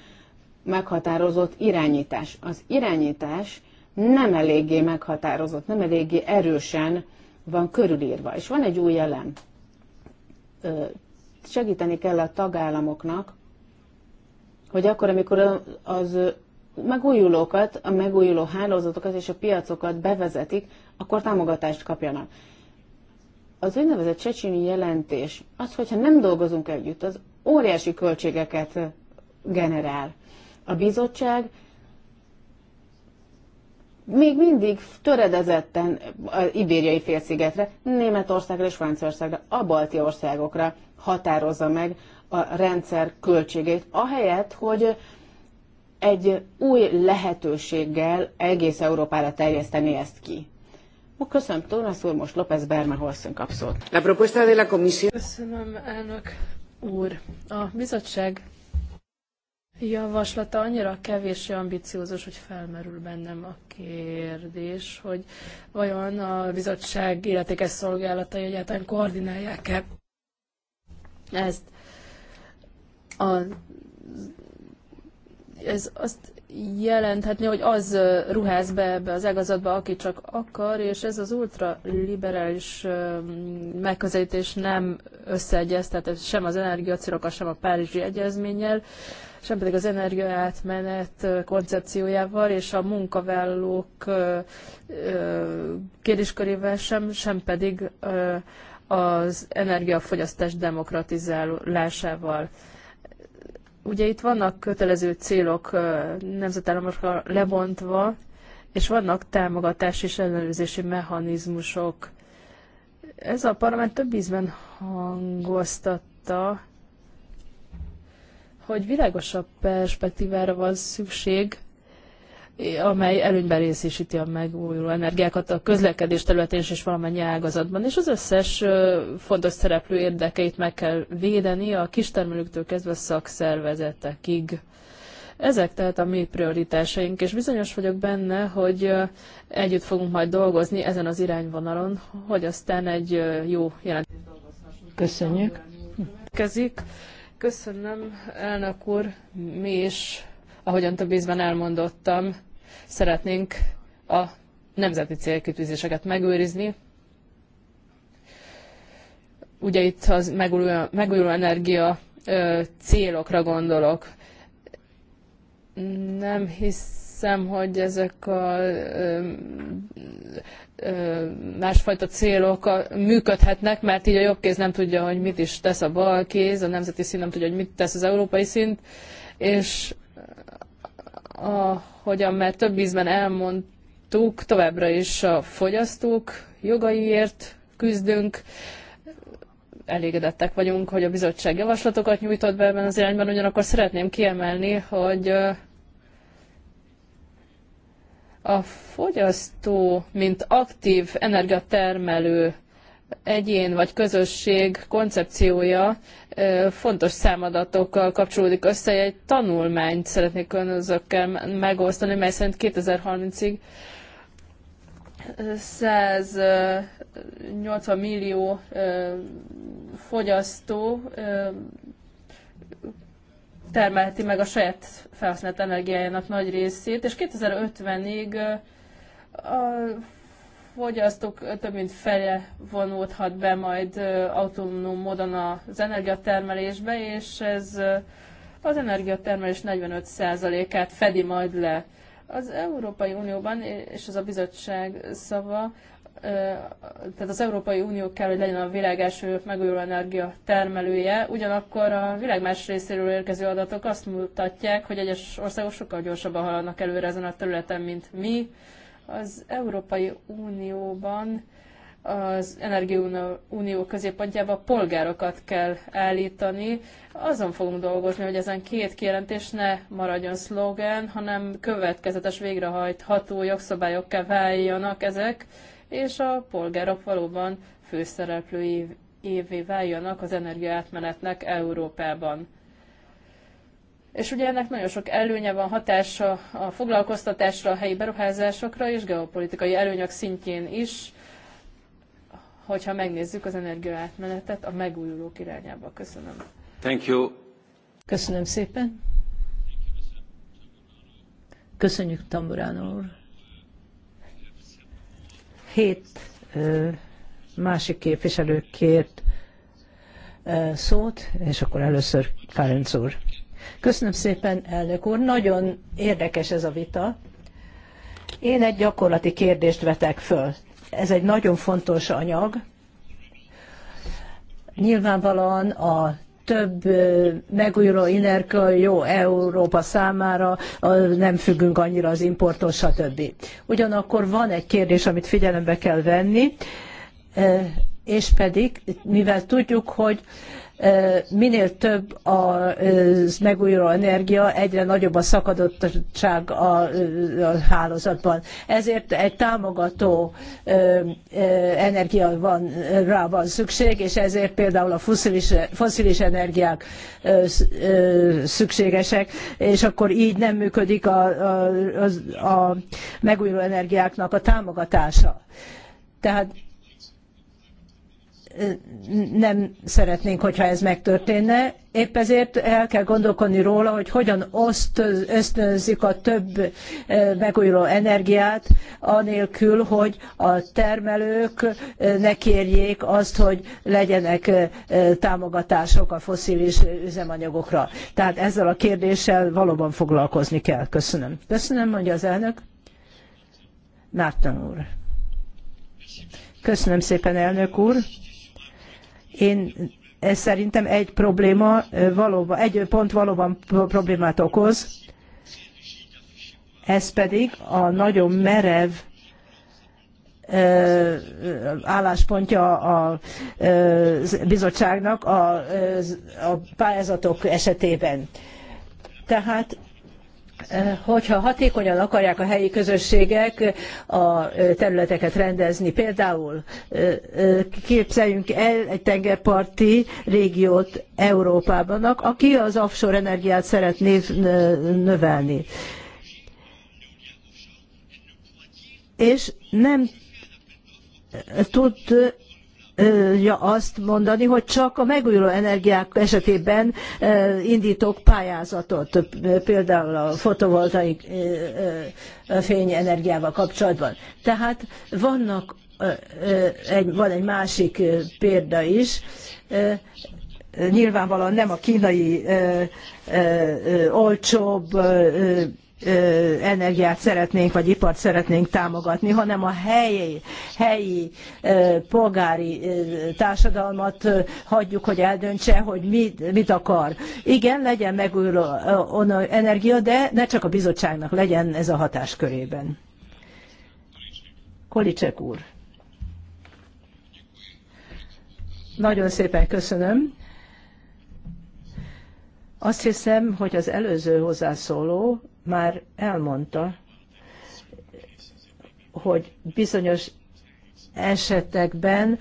meghatározott irányítás. Az irányítás nem eléggé meghatározott, nem eléggé erősen van körülírva. És van egy új elem, segíteni kell a tagállamoknak, hogy akkor, amikor az megújulókat, a megújuló hálózatokat és a piacokat bevezetik, akkor támogatást kapjanak. Az úgynevezett csecsini jelentés az, hogyha nem dolgozunk együtt, az óriási költségeket generál. A bizottság még mindig töredezetten az ibériai félszigetre, Németországra és Franciaországra, a balti országokra határozza meg a rendszer költségeit, ahelyett, hogy egy új lehetőséggel egész Európára terjeszteni ezt ki. Köszönöm, Tónasz úr, most López Bermeholszön kap La propuesta de la comisión. Köszönöm, elnök úr. A bizottság javaslata annyira kevés ambiciózus, hogy felmerül bennem a kérdés, hogy vajon a bizottság illetékes szolgálatai egyáltalán koordinálják-e ezt. A, ez azt jelenthetni, hogy az ruház be ebbe az ágazatba, aki csak akar, és ez az ultraliberális megközelítés nem összeegyeztet, sem az energiacirokkal, sem a Párizsi Egyezménnyel sem pedig az energiaátmenet koncepciójával és a munkavállalók kérdéskörével sem, sem pedig az energiafogyasztás demokratizálásával. Ugye itt vannak kötelező célok nemzetállamokra lebontva, és vannak támogatási és ellenőrzési mechanizmusok. Ez a parlament több ízben hangoztatta, hogy világosabb perspektívára van szükség, amely előnyben részesíti a megújuló energiákat a közlekedés területén és valamennyi ágazatban, és az összes fontos szereplő érdekeit meg kell védeni a kistermelőktől kezdve szakszervezetekig. Ezek tehát a mi prioritásaink, és bizonyos vagyok benne, hogy együtt fogunk majd dolgozni ezen az irányvonalon, hogy aztán egy jó jelentést dolgozhassunk. Köszönjük. Köszönjük. Köszönöm, elnök úr. Mi is, ahogyan több ízben elmondottam, szeretnénk a nemzeti célkitűzéseket megőrizni. Ugye itt az megújuló, megújuló energia ö, célokra gondolok. Nem hiszem, hogy ezek a ö, másfajta célok működhetnek, mert így a jobb kéz nem tudja, hogy mit is tesz a bal kéz, a nemzeti szint nem tudja, hogy mit tesz az európai szint, és ahogyan már több ízben elmondtuk, továbbra is a fogyasztók jogaiért küzdünk, elégedettek vagyunk, hogy a bizottság javaslatokat nyújtott be ebben az irányban, ugyanakkor szeretném kiemelni, hogy a fogyasztó, mint aktív energiatermelő egyén vagy közösség koncepciója fontos számadatokkal kapcsolódik össze. Egy tanulmányt szeretnék önözökkel megosztani, mely szerint 2030-ig 180 millió fogyasztó termelheti meg a saját felhasznált energiájának nagy részét, és 2050-ig a fogyasztók több mint fele vonódhat be majd autonóm módon az energiatermelésbe, és ez az energiatermelés 45%-át fedi majd le. Az Európai Unióban, és ez a bizottság szava, tehát az Európai Unió kell, hogy legyen a világ első megújuló energia termelője, ugyanakkor a világ más részéről érkező adatok azt mutatják, hogy egyes országok sokkal gyorsabban haladnak előre ezen a területen, mint mi. Az Európai Unióban az Energiaunió középpontjába a polgárokat kell állítani. Azon fogunk dolgozni, hogy ezen két kijelentés ne maradjon szlogen, hanem következetes végrehajtható jogszabályokká váljanak ezek, és a polgárok valóban főszereplői évé váljanak az energiaátmenetnek Európában. És ugye ennek nagyon sok előnye van hatása a foglalkoztatásra, a helyi beruházásokra és geopolitikai előnyök szintjén is, hogyha megnézzük az energiaátmenetet a megújulók irányába. Köszönöm. Thank you. Köszönöm szépen. Köszönjük, Tamburán úr. Hét másik képviselő kért szót, és akkor először Ferenc úr. Köszönöm szépen, elnök úr. Nagyon érdekes ez a vita. Én egy gyakorlati kérdést vetek föl. Ez egy nagyon fontos anyag. Nyilvánvalóan a több megújuló energia jó Európa számára, nem függünk annyira az importtól, stb. Ugyanakkor van egy kérdés, amit figyelembe kell venni, és pedig, mivel tudjuk, hogy minél több a megújuló energia, egyre nagyobb a szakadottság a, a hálózatban. Ezért egy támogató energia van, rá van szükség, és ezért például a foszilis, foszilis energiák szükségesek, és akkor így nem működik a, a, a, a megújuló energiáknak a támogatása. Tehát nem szeretnénk, hogyha ez megtörténne. Épp ezért el kell gondolkodni róla, hogy hogyan oszt, ösztönzik a több eh, megújuló energiát, anélkül, hogy a termelők eh, ne kérjék azt, hogy legyenek eh, támogatások a foszilis üzemanyagokra. Tehát ezzel a kérdéssel valóban foglalkozni kell. Köszönöm. Köszönöm, mondja az elnök. Márton úr. Köszönöm szépen, elnök úr. Én szerintem egy probléma valóban, egy pont valóban problémát okoz, ez pedig a nagyon merev álláspontja a bizottságnak a pályázatok esetében. Tehát Hogyha hatékonyan akarják a helyi közösségek a területeket rendezni, például képzeljünk el egy tengerparti régiót Európában, aki az offshore energiát szeretné növelni. És nem tud azt mondani, hogy csak a megújuló energiák esetében indítok pályázatot, például a fotovoltaik fényenergiával kapcsolatban. Tehát vannak egy, van egy másik példa is, nyilvánvalóan nem a kínai olcsóbb energiát szeretnénk, vagy ipart szeretnénk támogatni, hanem a helyi, helyi polgári társadalmat hagyjuk, hogy eldöntse, hogy mit, mit akar. Igen, legyen megújuló energia, de ne csak a bizottságnak legyen ez a hatáskörében. Kolicek úr. Nagyon szépen köszönöm. Azt hiszem, hogy az előző hozzászóló már elmondta, hogy bizonyos esetekben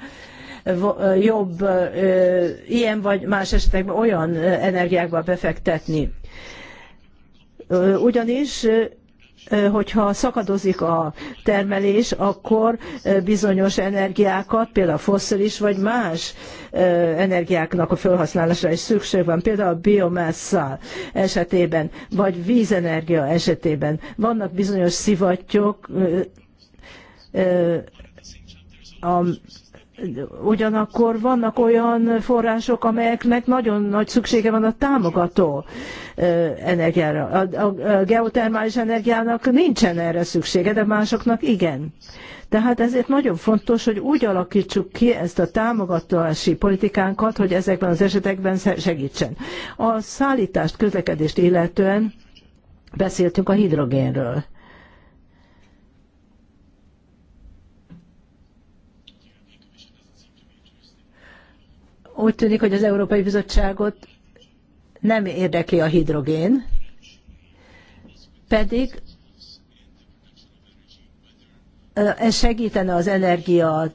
jobb ilyen vagy más esetekben olyan energiákba befektetni. Ugyanis hogyha szakadozik a termelés, akkor bizonyos energiákat, például fosszilis vagy más energiáknak a felhasználásra is szükség van, például a biomasszal esetében, vagy vízenergia esetében. Vannak bizonyos szivattyok, Ugyanakkor vannak olyan források, amelyeknek nagyon nagy szüksége van a támogató energiára. A, a geotermális energiának nincsen erre szüksége, de másoknak igen. Tehát ezért nagyon fontos, hogy úgy alakítsuk ki ezt a támogatási politikánkat, hogy ezekben az esetekben segítsen. A szállítást, közlekedést illetően beszéltünk a hidrogénről úgy tűnik, hogy az Európai Bizottságot nem érdekli a hidrogén, pedig ez segítene az energia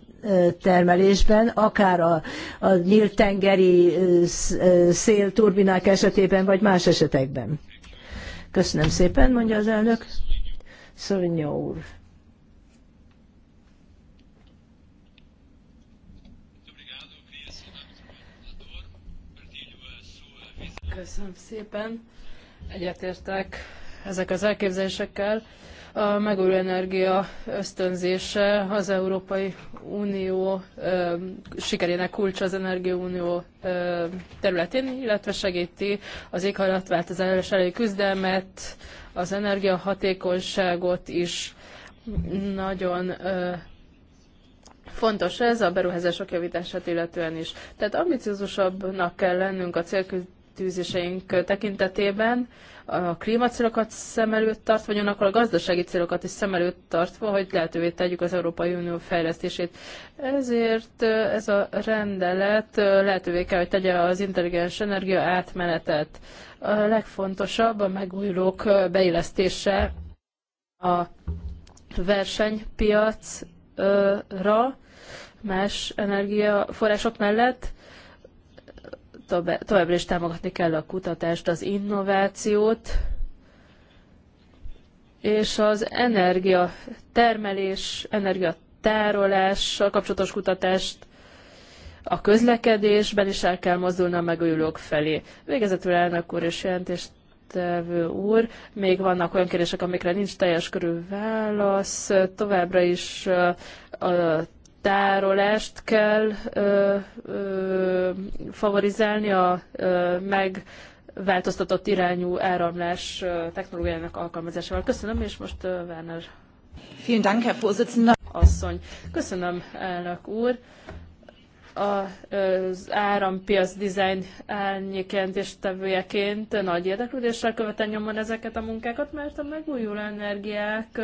termelésben, akár a, a nyílt tengeri szélturbinák esetében, vagy más esetekben. Köszönöm szépen, mondja az elnök. Szörnyó úr. Köszönöm szépen. Egyetértek ezek az elképzelésekkel. A megújuló energia ösztönzése az Európai Unió ö, sikerének kulcsa az Energiaunió területén, illetve segíti az éghajlatváltozás elé küzdelmet, az energiahatékonyságot is. Nagyon ö, fontos ez a beruházások javítását illetően is. Tehát ambiciózusabbnak kell lennünk a célküzdésben, tűzéseink tekintetében, a klímacélokat szem előtt tartva, akkor a gazdasági célokat is szem előtt tartva, hogy lehetővé tegyük az Európai Unió fejlesztését. Ezért ez a rendelet lehetővé kell, hogy tegye az intelligens energia átmenetet. A legfontosabb a megújulók beillesztése a versenypiacra, más energiaforrások mellett, továbbra is támogatni kell a kutatást, az innovációt, és az energia energiatárolással energia kapcsolatos kutatást a közlekedésben is el kell mozdulni a megújulók felé. Végezetül elnök úr és jelentéstevő úr, még vannak olyan kérdések, amikre nincs teljes körű válasz, továbbra is a tárolást kell ö, ö, favorizálni a ö, meg változtatott irányú áramlás technológiának alkalmazásával. Köszönöm, és most Werner. Vielen Dank, Herr Vorsitzender. Asszony. Köszönöm, elnök úr. A, az árampiac és tevőjeként nagy érdeklődéssel követen nyomon ezeket a munkákat, mert a megújuló energiák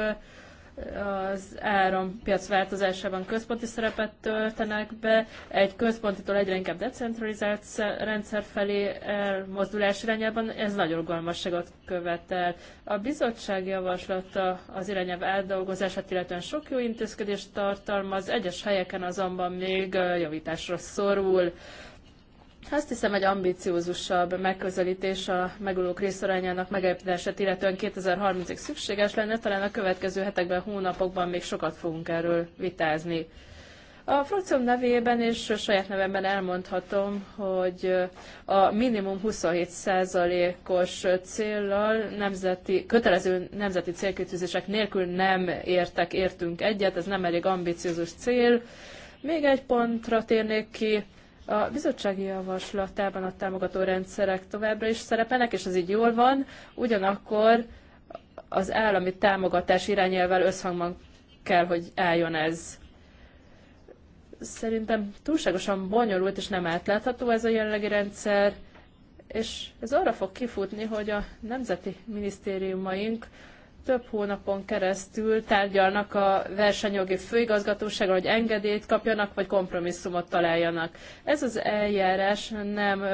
az árampiac változásában központi szerepet töltenek be, egy központitól egyre inkább decentralizált rendszer felé mozdulás irányában, ez nagy rugalmasságot követel. A bizottság javaslata az irányelv átdolgozását, illetően sok jó intézkedést tartalmaz, egyes helyeken azonban még javításra szorul. Azt hiszem, egy ambiciózusabb megközelítés a megulók részarányának megállapítását illetően 2030-ig szükséges lenne, talán a következő hetekben, hónapokban még sokat fogunk erről vitázni. A frakcióm nevében és saját nevemben elmondhatom, hogy a minimum 27%-os céllal nemzeti, kötelező nemzeti célkitűzések nélkül nem értek, értünk egyet, ez nem elég ambiciózus cél. Még egy pontra térnék ki, a bizottsági javaslatában a támogató rendszerek továbbra is szerepelnek, és ez így jól van, ugyanakkor az állami támogatás irányelvvel összhangban kell, hogy álljon ez. Szerintem túlságosan bonyolult és nem átlátható ez a jelenlegi rendszer, és ez arra fog kifutni, hogy a nemzeti minisztériumaink több hónapon keresztül tárgyalnak a versenyjogi főigazgatósággal, hogy engedélyt kapjanak, vagy kompromisszumot találjanak. Ez az eljárás nem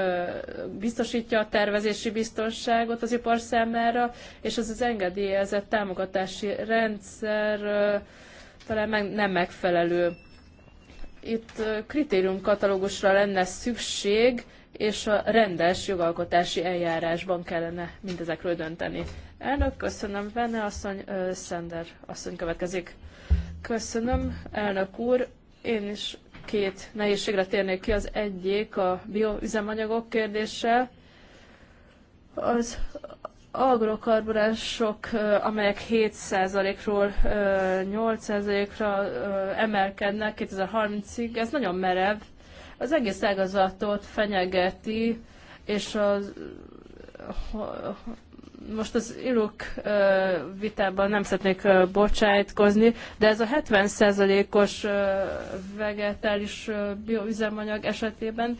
biztosítja a tervezési biztonságot az ipar számára, és ez az engedélyezett támogatási rendszer talán nem megfelelő. Itt kritériumkatalógusra lenne szükség, és a rendes jogalkotási eljárásban kellene mindezekről dönteni. Elnök, köszönöm. Vene asszony, Szender asszony következik. Köszönöm, elnök úr. Én is két nehézségre térnék ki. Az egyik a bioüzemanyagok kérdése. Az agrokarburások, amelyek 7%-ról 8%-ra emelkednek 2030-ig, ez nagyon merev. Az egész ágazatot fenyegeti, és az most az iluk vitában nem szeretnék bocsájtkozni, de ez a 70%-os vegetális bioüzemanyag esetében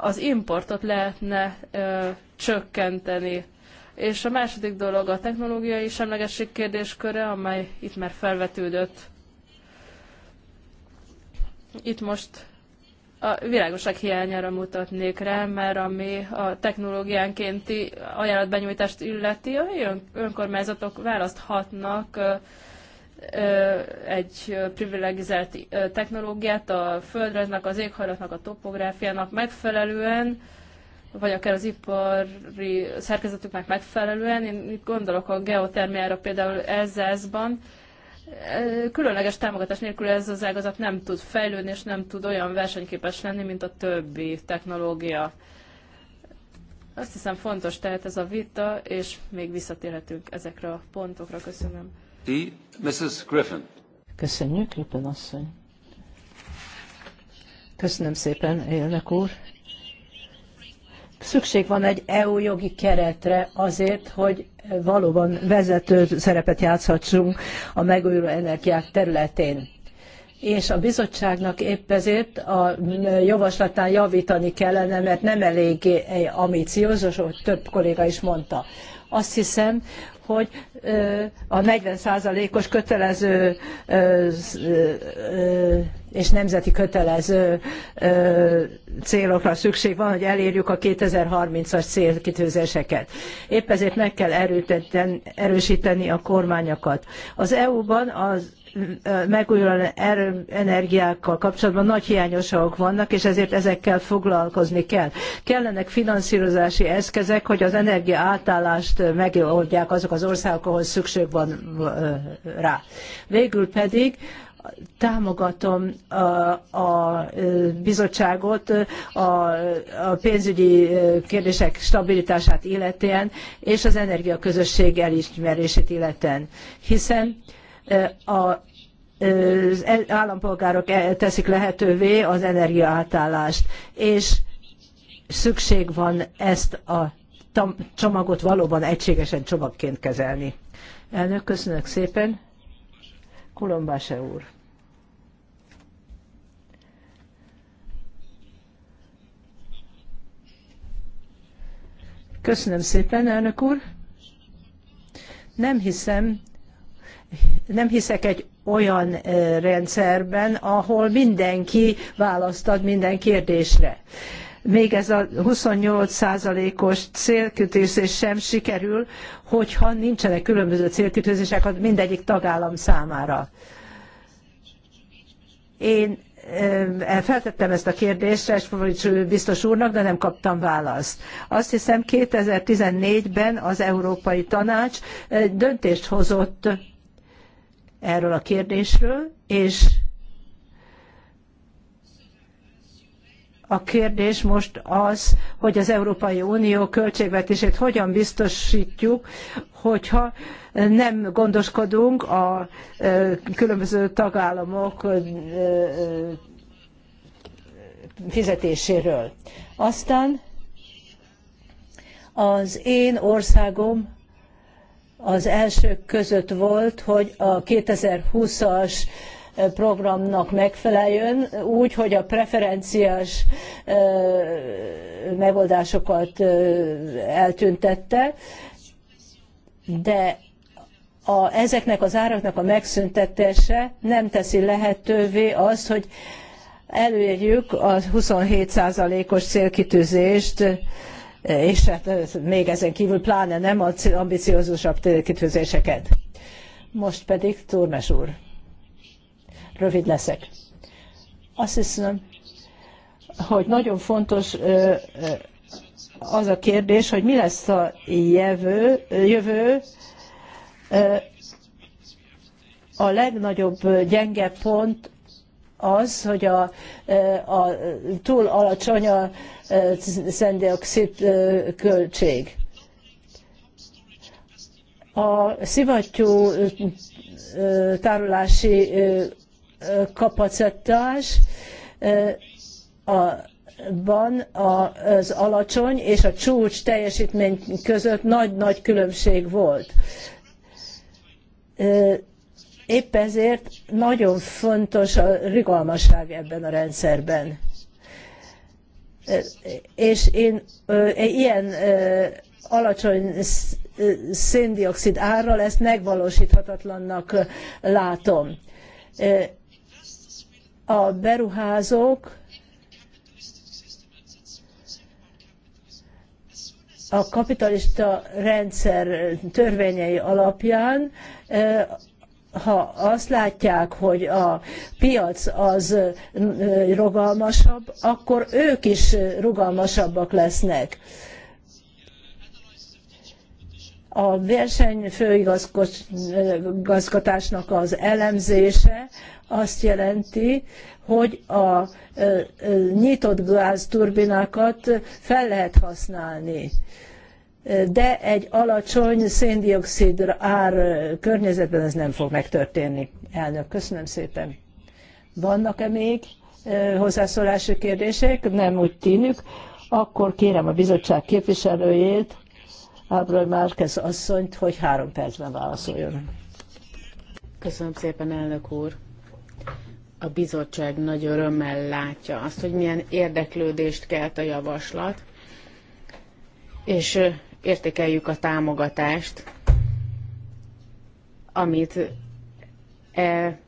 az importot lehetne csökkenteni. És a második dolog a technológiai semlegesség kérdésköre, amely itt már felvetődött. Itt most a világosak hiányára mutatnék rá, mert ami a technológiánkénti ajánlatbenyújtást illeti, a önkormányzatok választhatnak egy privilegizált technológiát a földrajznak, az éghajlatnak, a topográfiának megfelelően, vagy akár az ipari szerkezetüknek megfelelően. Én itt gondolok a geotermiára például ezzel különleges támogatás nélkül ez az ágazat nem tud fejlődni, és nem tud olyan versenyképes lenni, mint a többi technológia. Azt hiszem fontos tehát ez a vita, és még visszatérhetünk ezekre a pontokra. Köszönöm. Ti, Mrs. Griffin. Köszönjük, Griffin asszony. Köszönöm szépen, élnek úr. Szükség van egy EU jogi keretre azért, hogy valóban vezető szerepet játszhatsunk a megújuló energiák területén. És a bizottságnak épp ezért a javaslatán javítani kellene, mert nem eléggé ambiciózus, ahogy több kolléga is mondta. Azt hiszem, hogy a 40%-os kötelező és nemzeti kötelező célokra szükség van, hogy elérjük a 2030-as célkitűzéseket. Épp ezért meg kell erősíteni a kormányokat. Az EU-ban az megújuló energiákkal kapcsolatban nagy hiányosságok vannak, és ezért ezekkel foglalkozni kell. Kellenek finanszírozási eszközök, hogy az energia átállást megoldják azok az országok, ahol szükség van rá. Végül pedig támogatom a, bizottságot a, pénzügyi kérdések stabilitását illetően, és az energiaközösség elismerését illetően, hiszen a az állampolgárok e, teszik lehetővé az energiaátállást, és szükség van ezt a csomagot valóban egységesen csomagként kezelni. Elnök, köszönök szépen. Kolombáse úr. Köszönöm szépen, elnök úr. Nem hiszem, nem hiszek egy olyan rendszerben, ahol mindenki választ ad minden kérdésre. Még ez a 28%-os célkütőzés sem sikerül, hogyha nincsenek különböző célkütőzések mindegyik tagállam számára. Én feltettem ezt a kérdést Sesfovics biztos úrnak, de nem kaptam választ. Azt hiszem 2014-ben az Európai Tanács döntést hozott erről a kérdésről, és A kérdés most az, hogy az Európai Unió költségvetését hogyan biztosítjuk, hogyha nem gondoskodunk a különböző tagállamok fizetéséről. Aztán az én országom az elsők között volt, hogy a 2020-as programnak megfeleljön, úgy, hogy a preferenciás megoldásokat eltüntette, de a, ezeknek az áraknak a megszüntetése nem teszi lehetővé azt, hogy elérjük a 27%-os célkitűzést, és hát még ezen kívül pláne nem az ambiciózusabb célkitűzéseket. Most pedig Turmes úr rövid leszek. Azt hiszem, hogy nagyon fontos az a kérdés, hogy mi lesz a jövő, jövő a legnagyobb gyenge pont az, hogy a, a túl alacsony a szendioxid költség. A szivattyú tárolási kapacitás a van az alacsony és a csúcs teljesítmény között nagy-nagy különbség volt. Épp ezért nagyon fontos a rugalmasság ebben a rendszerben. És én ilyen alacsony széndiokszid árral ezt megvalósíthatatlannak látom a beruházók a kapitalista rendszer törvényei alapján eh, ha azt látják, hogy a piac az eh, rugalmasabb, akkor ők is eh, rugalmasabbak lesznek. A versenyfőigazgatásnak az elemzése azt jelenti, hogy a nyitott gázturbinákat fel lehet használni de egy alacsony széndiokszid ár környezetben ez nem fog megtörténni. Elnök, köszönöm szépen. Vannak-e még hozzászólási kérdések? Nem úgy tűnik. Akkor kérem a bizottság képviselőjét, Ábrai Márkez asszonyt, hogy három percben válaszoljon. Köszönöm szépen, elnök úr. A bizottság nagy örömmel látja azt, hogy milyen érdeklődést kelt a javaslat, és értékeljük a támogatást, amit e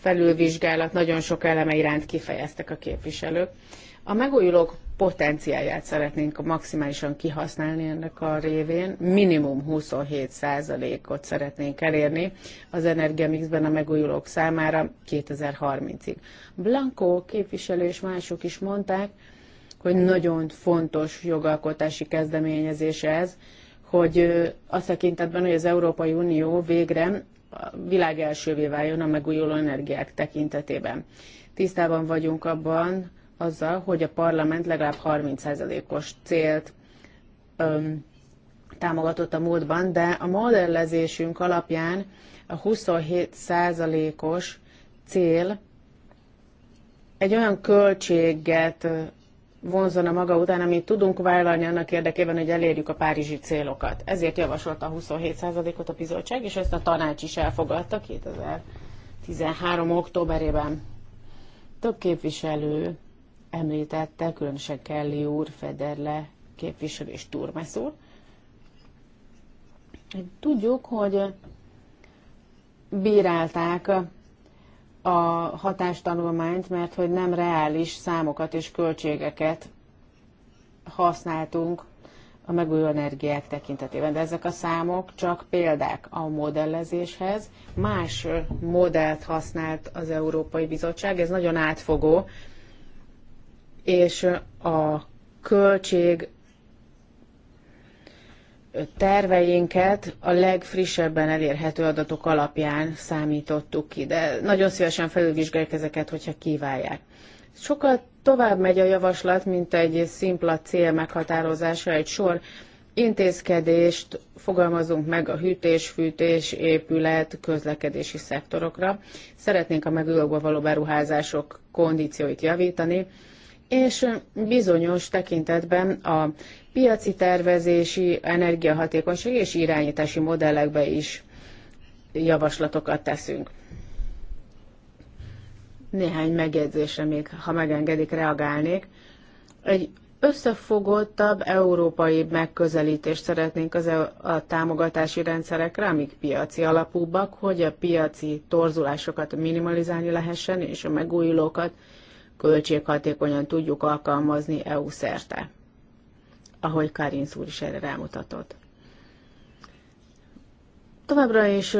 felülvizsgálat nagyon sok eleme iránt kifejeztek a képviselők. A megújulók potenciáját szeretnénk maximálisan kihasználni ennek a révén. Minimum 27%-ot szeretnénk elérni az energiamixben a megújulók számára 2030-ig. Blanco képviselő és mások is mondták, hogy nagyon fontos jogalkotási kezdeményezés ez, hogy a tekintetben, hogy az Európai Unió végre a világ elsővé váljon a megújuló energiák tekintetében. Tisztában vagyunk abban, azzal, hogy a parlament legalább 30%-os célt öm, támogatott a múltban, de a modellezésünk alapján a 27%-os cél egy olyan költséget vonzana maga után, amit tudunk vállalni annak érdekében, hogy elérjük a párizsi célokat. Ezért javasolta a 27%-ot a bizottság, és ezt a tanács is elfogadta 2013. októberében. Több képviselő említette, különösen Kelly úr, Federle képviselő és Turmes úr. Tudjuk, hogy bírálták a hatástanulmányt, mert hogy nem reális számokat és költségeket használtunk a megújuló energiák tekintetében. De ezek a számok csak példák a modellezéshez. Más modellt használt az Európai Bizottság, ez nagyon átfogó, és a költség terveinket a legfrissebben elérhető adatok alapján számítottuk ki, de nagyon szívesen felülvizsgáljuk ezeket, hogyha kívánják. Sokkal tovább megy a javaslat, mint egy szimpla cél meghatározása, egy sor intézkedést fogalmazunk meg a hűtés, fűtés, épület, közlekedési szektorokra. Szeretnénk a megújulóba való beruházások kondícióit javítani, és bizonyos tekintetben a piaci tervezési, energiahatékonyság és irányítási modellekbe is javaslatokat teszünk. Néhány megjegyzésre még, ha megengedik, reagálnék. Egy összefogottabb európai megközelítést szeretnénk az e- a támogatási rendszerekre, amik piaci alapúbbak, hogy a piaci torzulásokat minimalizálni lehessen, és a megújulókat költséghatékonyan tudjuk alkalmazni EU szerte, ahogy Karin úr is erre rámutatott. Továbbra is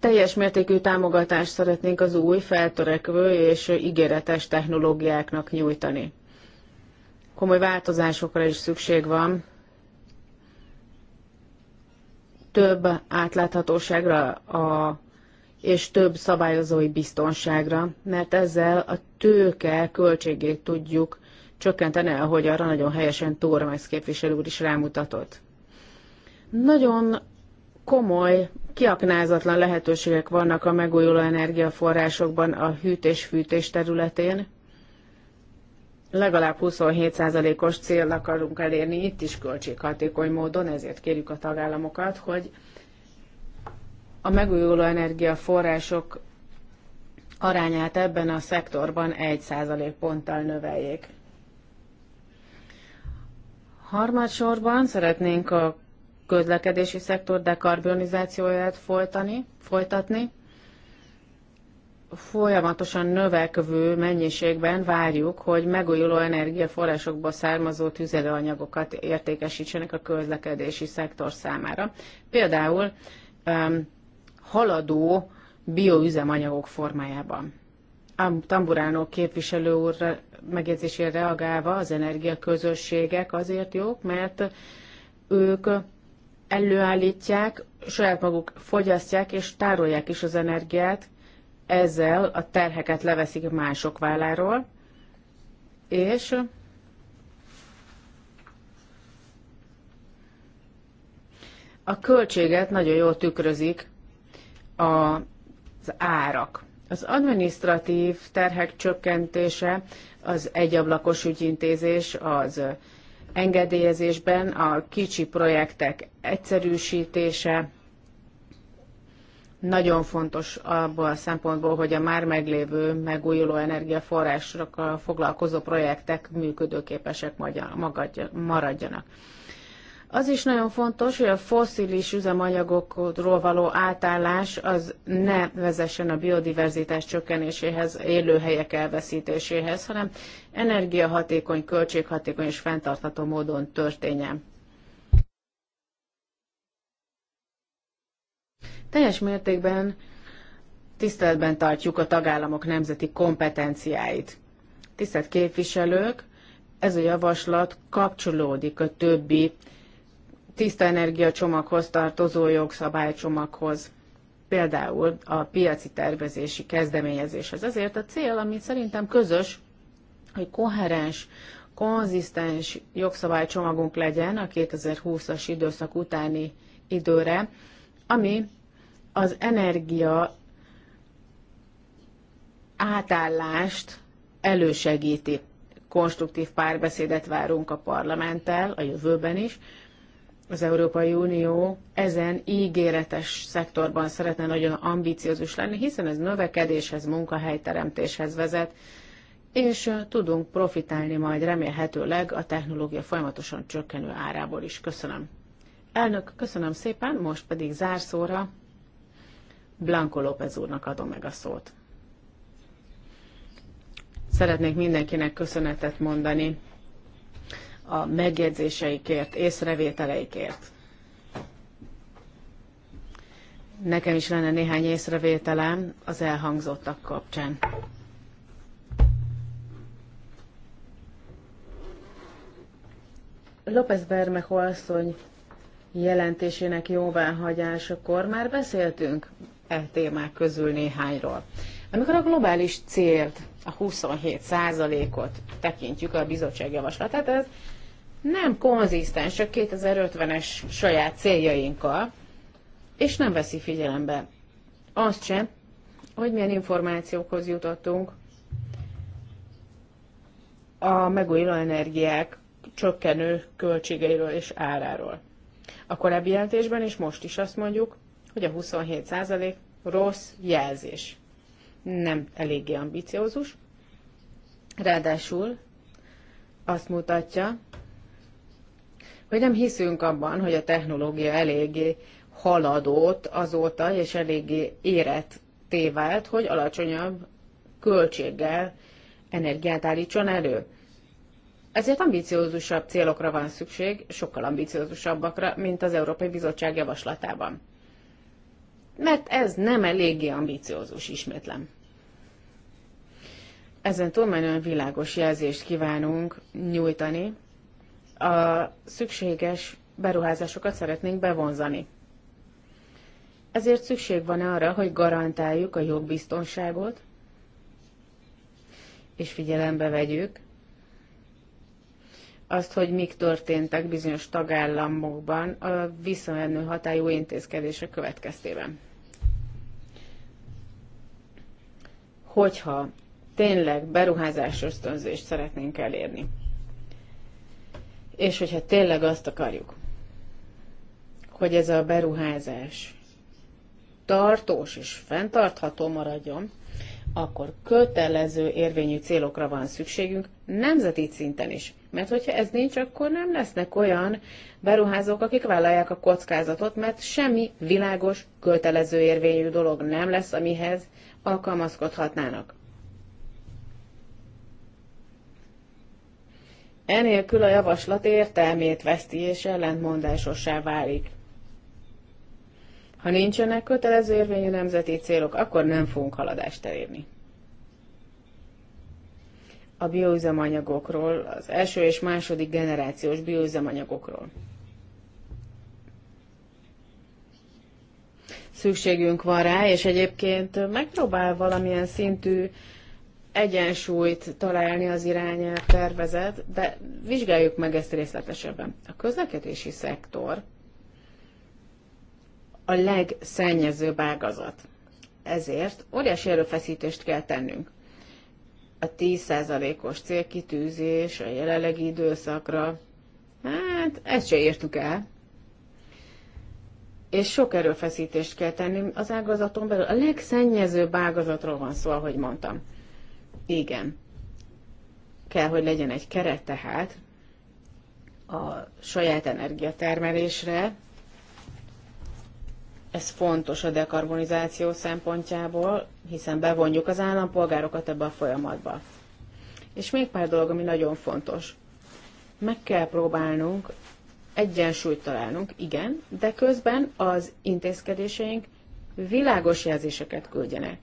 teljes mértékű támogatást szeretnénk az új, feltörekvő és ígéretes technológiáknak nyújtani. Komoly változásokra is szükség van, több átláthatóságra a és több szabályozói biztonságra, mert ezzel a tőke költségét tudjuk csökkenteni, ahogy arra nagyon helyesen Tóramex képviselő úr is rámutatott. Nagyon komoly, kiaknázatlan lehetőségek vannak a megújuló energiaforrásokban a hűtés-fűtés területén. Legalább 27%-os célnak akarunk elérni itt is költséghatékony módon, ezért kérjük a tagállamokat, hogy a megújuló energiaforrások arányát ebben a szektorban 1 ponttal növeljék. Harmadsorban szeretnénk a közlekedési szektor dekarbonizációját folytani, folytatni. Folyamatosan növekvő mennyiségben várjuk, hogy megújuló energiaforrásokból származó tüzelőanyagokat értékesítsenek a közlekedési szektor számára. Például um, haladó bioüzemanyagok formájában. Tamburánó képviselő úr megjegyzésére reagálva az energiaközösségek azért jók, mert ők előállítják, saját maguk fogyasztják és tárolják is az energiát, ezzel a terheket leveszik mások válláról, és a költséget nagyon jól tükrözik az árak. Az administratív terhek csökkentése, az egyablakos ügyintézés, az engedélyezésben a kicsi projektek egyszerűsítése, nagyon fontos abból a szempontból, hogy a már meglévő megújuló energiaforrásokkal foglalkozó projektek működőképesek maradjanak. Az is nagyon fontos, hogy a fosszilis üzemanyagokról való átállás az ne vezessen a biodiverzitás csökkenéséhez, élőhelyek elveszítéséhez, hanem energiahatékony, költséghatékony és fenntartható módon történjen. Teljes mértékben tiszteletben tartjuk a tagállamok nemzeti kompetenciáit. Tisztelt képviselők, ez a javaslat kapcsolódik a többi tiszta energiacsomaghoz tartozó jogszabálycsomaghoz, például a piaci tervezési kezdeményezéshez. Ezért a cél, ami szerintem közös, hogy koherens, konzisztens jogszabálycsomagunk legyen a 2020-as időszak utáni időre, ami az energia átállást elősegíti. Konstruktív párbeszédet várunk a parlamenttel a jövőben is, az Európai Unió ezen ígéretes szektorban szeretne nagyon ambiciózus lenni, hiszen ez növekedéshez, munkahelyteremtéshez vezet, és tudunk profitálni majd remélhetőleg a technológia folyamatosan csökkenő árából is. Köszönöm. Elnök, köszönöm szépen, most pedig zárszóra Blanco López úrnak adom meg a szót. Szeretnék mindenkinek köszönetet mondani a megjegyzéseikért, észrevételeikért. Nekem is lenne néhány észrevételem az elhangzottak kapcsán. López Bermeho asszony jelentésének jóváhagyásakor már beszéltünk e témák közül néhányról. Amikor a globális célt, a 27%-ot tekintjük a bizottság javaslatát, ez nem konzisztens a 2050-es saját céljainkkal, és nem veszi figyelembe azt sem, hogy milyen információkhoz jutottunk a megújuló energiák csökkenő költségeiről és áráról. A korábbi jelentésben is most is azt mondjuk, hogy a 27% rossz jelzés. Nem eléggé ambiciózus. Ráadásul azt mutatja, hogy nem hiszünk abban, hogy a technológia eléggé haladott azóta, és eléggé érett tévált, hogy alacsonyabb költséggel energiát állítson elő. Ezért ambiciózusabb célokra van szükség, sokkal ambiciózusabbakra, mint az Európai Bizottság javaslatában. Mert ez nem eléggé ambiciózus, ismétlem. Ezen túlmenően világos jelzést kívánunk nyújtani a szükséges beruházásokat szeretnénk bevonzani. Ezért szükség van arra, hogy garantáljuk a jogbiztonságot, és figyelembe vegyük azt, hogy mik történtek bizonyos tagállamokban a visszamenő hatályú intézkedések következtében. Hogyha tényleg beruházás ösztönzést szeretnénk elérni, és hogyha tényleg azt akarjuk, hogy ez a beruházás tartós és fenntartható maradjon, akkor kötelező érvényű célokra van szükségünk nemzeti szinten is. Mert hogyha ez nincs, akkor nem lesznek olyan beruházók, akik vállalják a kockázatot, mert semmi világos, kötelező érvényű dolog nem lesz, amihez alkalmazkodhatnának. Enélkül a javaslat értelmét veszti és ellentmondásossá válik. Ha nincsenek kötelező érvényű nemzeti célok, akkor nem fogunk haladást elérni. A bioüzemanyagokról, az első és második generációs bioüzemanyagokról. Szükségünk van rá, és egyébként megpróbál valamilyen szintű egyensúlyt találni az irányelv tervezet, de vizsgáljuk meg ezt részletesebben. A közlekedési szektor a legszennyezőbb ágazat. Ezért óriási erőfeszítést kell tennünk. A 10%-os célkitűzés a jelenlegi időszakra, hát ezt se értük el. És sok erőfeszítést kell tenni az ágazaton belül. A legszennyezőbb ágazatról van szó, ahogy mondtam igen. Kell, hogy legyen egy keret tehát a saját energiatermelésre. Ez fontos a dekarbonizáció szempontjából, hiszen bevonjuk az állampolgárokat ebbe a folyamatba. És még pár dolog, ami nagyon fontos. Meg kell próbálnunk egyensúlyt találnunk, igen, de közben az intézkedéseink világos jelzéseket küldjenek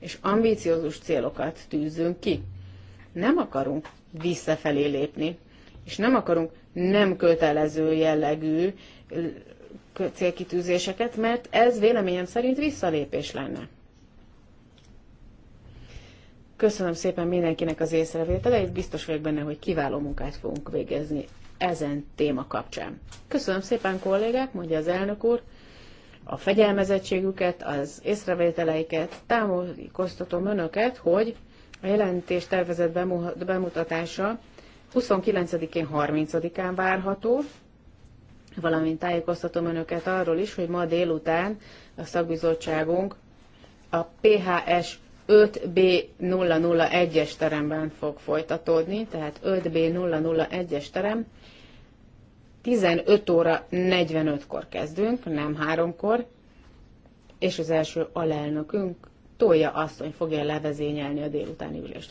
és ambíciózus célokat tűzünk ki. Nem akarunk visszafelé lépni, és nem akarunk nem kötelező jellegű célkitűzéseket, mert ez véleményem szerint visszalépés lenne. Köszönöm szépen mindenkinek az észrevételeit, biztos vagyok benne, hogy kiváló munkát fogunk végezni ezen téma kapcsán. Köszönöm szépen kollégák, mondja az elnök úr a fegyelmezettségüket, az észrevételeiket. támogatom önöket, hogy a jelentés tervezett bemutatása 29-én, 30-án várható, valamint tájékoztatom önöket arról is, hogy ma délután a szakbizottságunk a PHS 5B001-es teremben fog folytatódni, tehát 5B001-es terem, 15 óra 45-kor kezdünk, nem háromkor, és az első alelnökünk Tója asszony fogja levezényelni a délutáni ülést.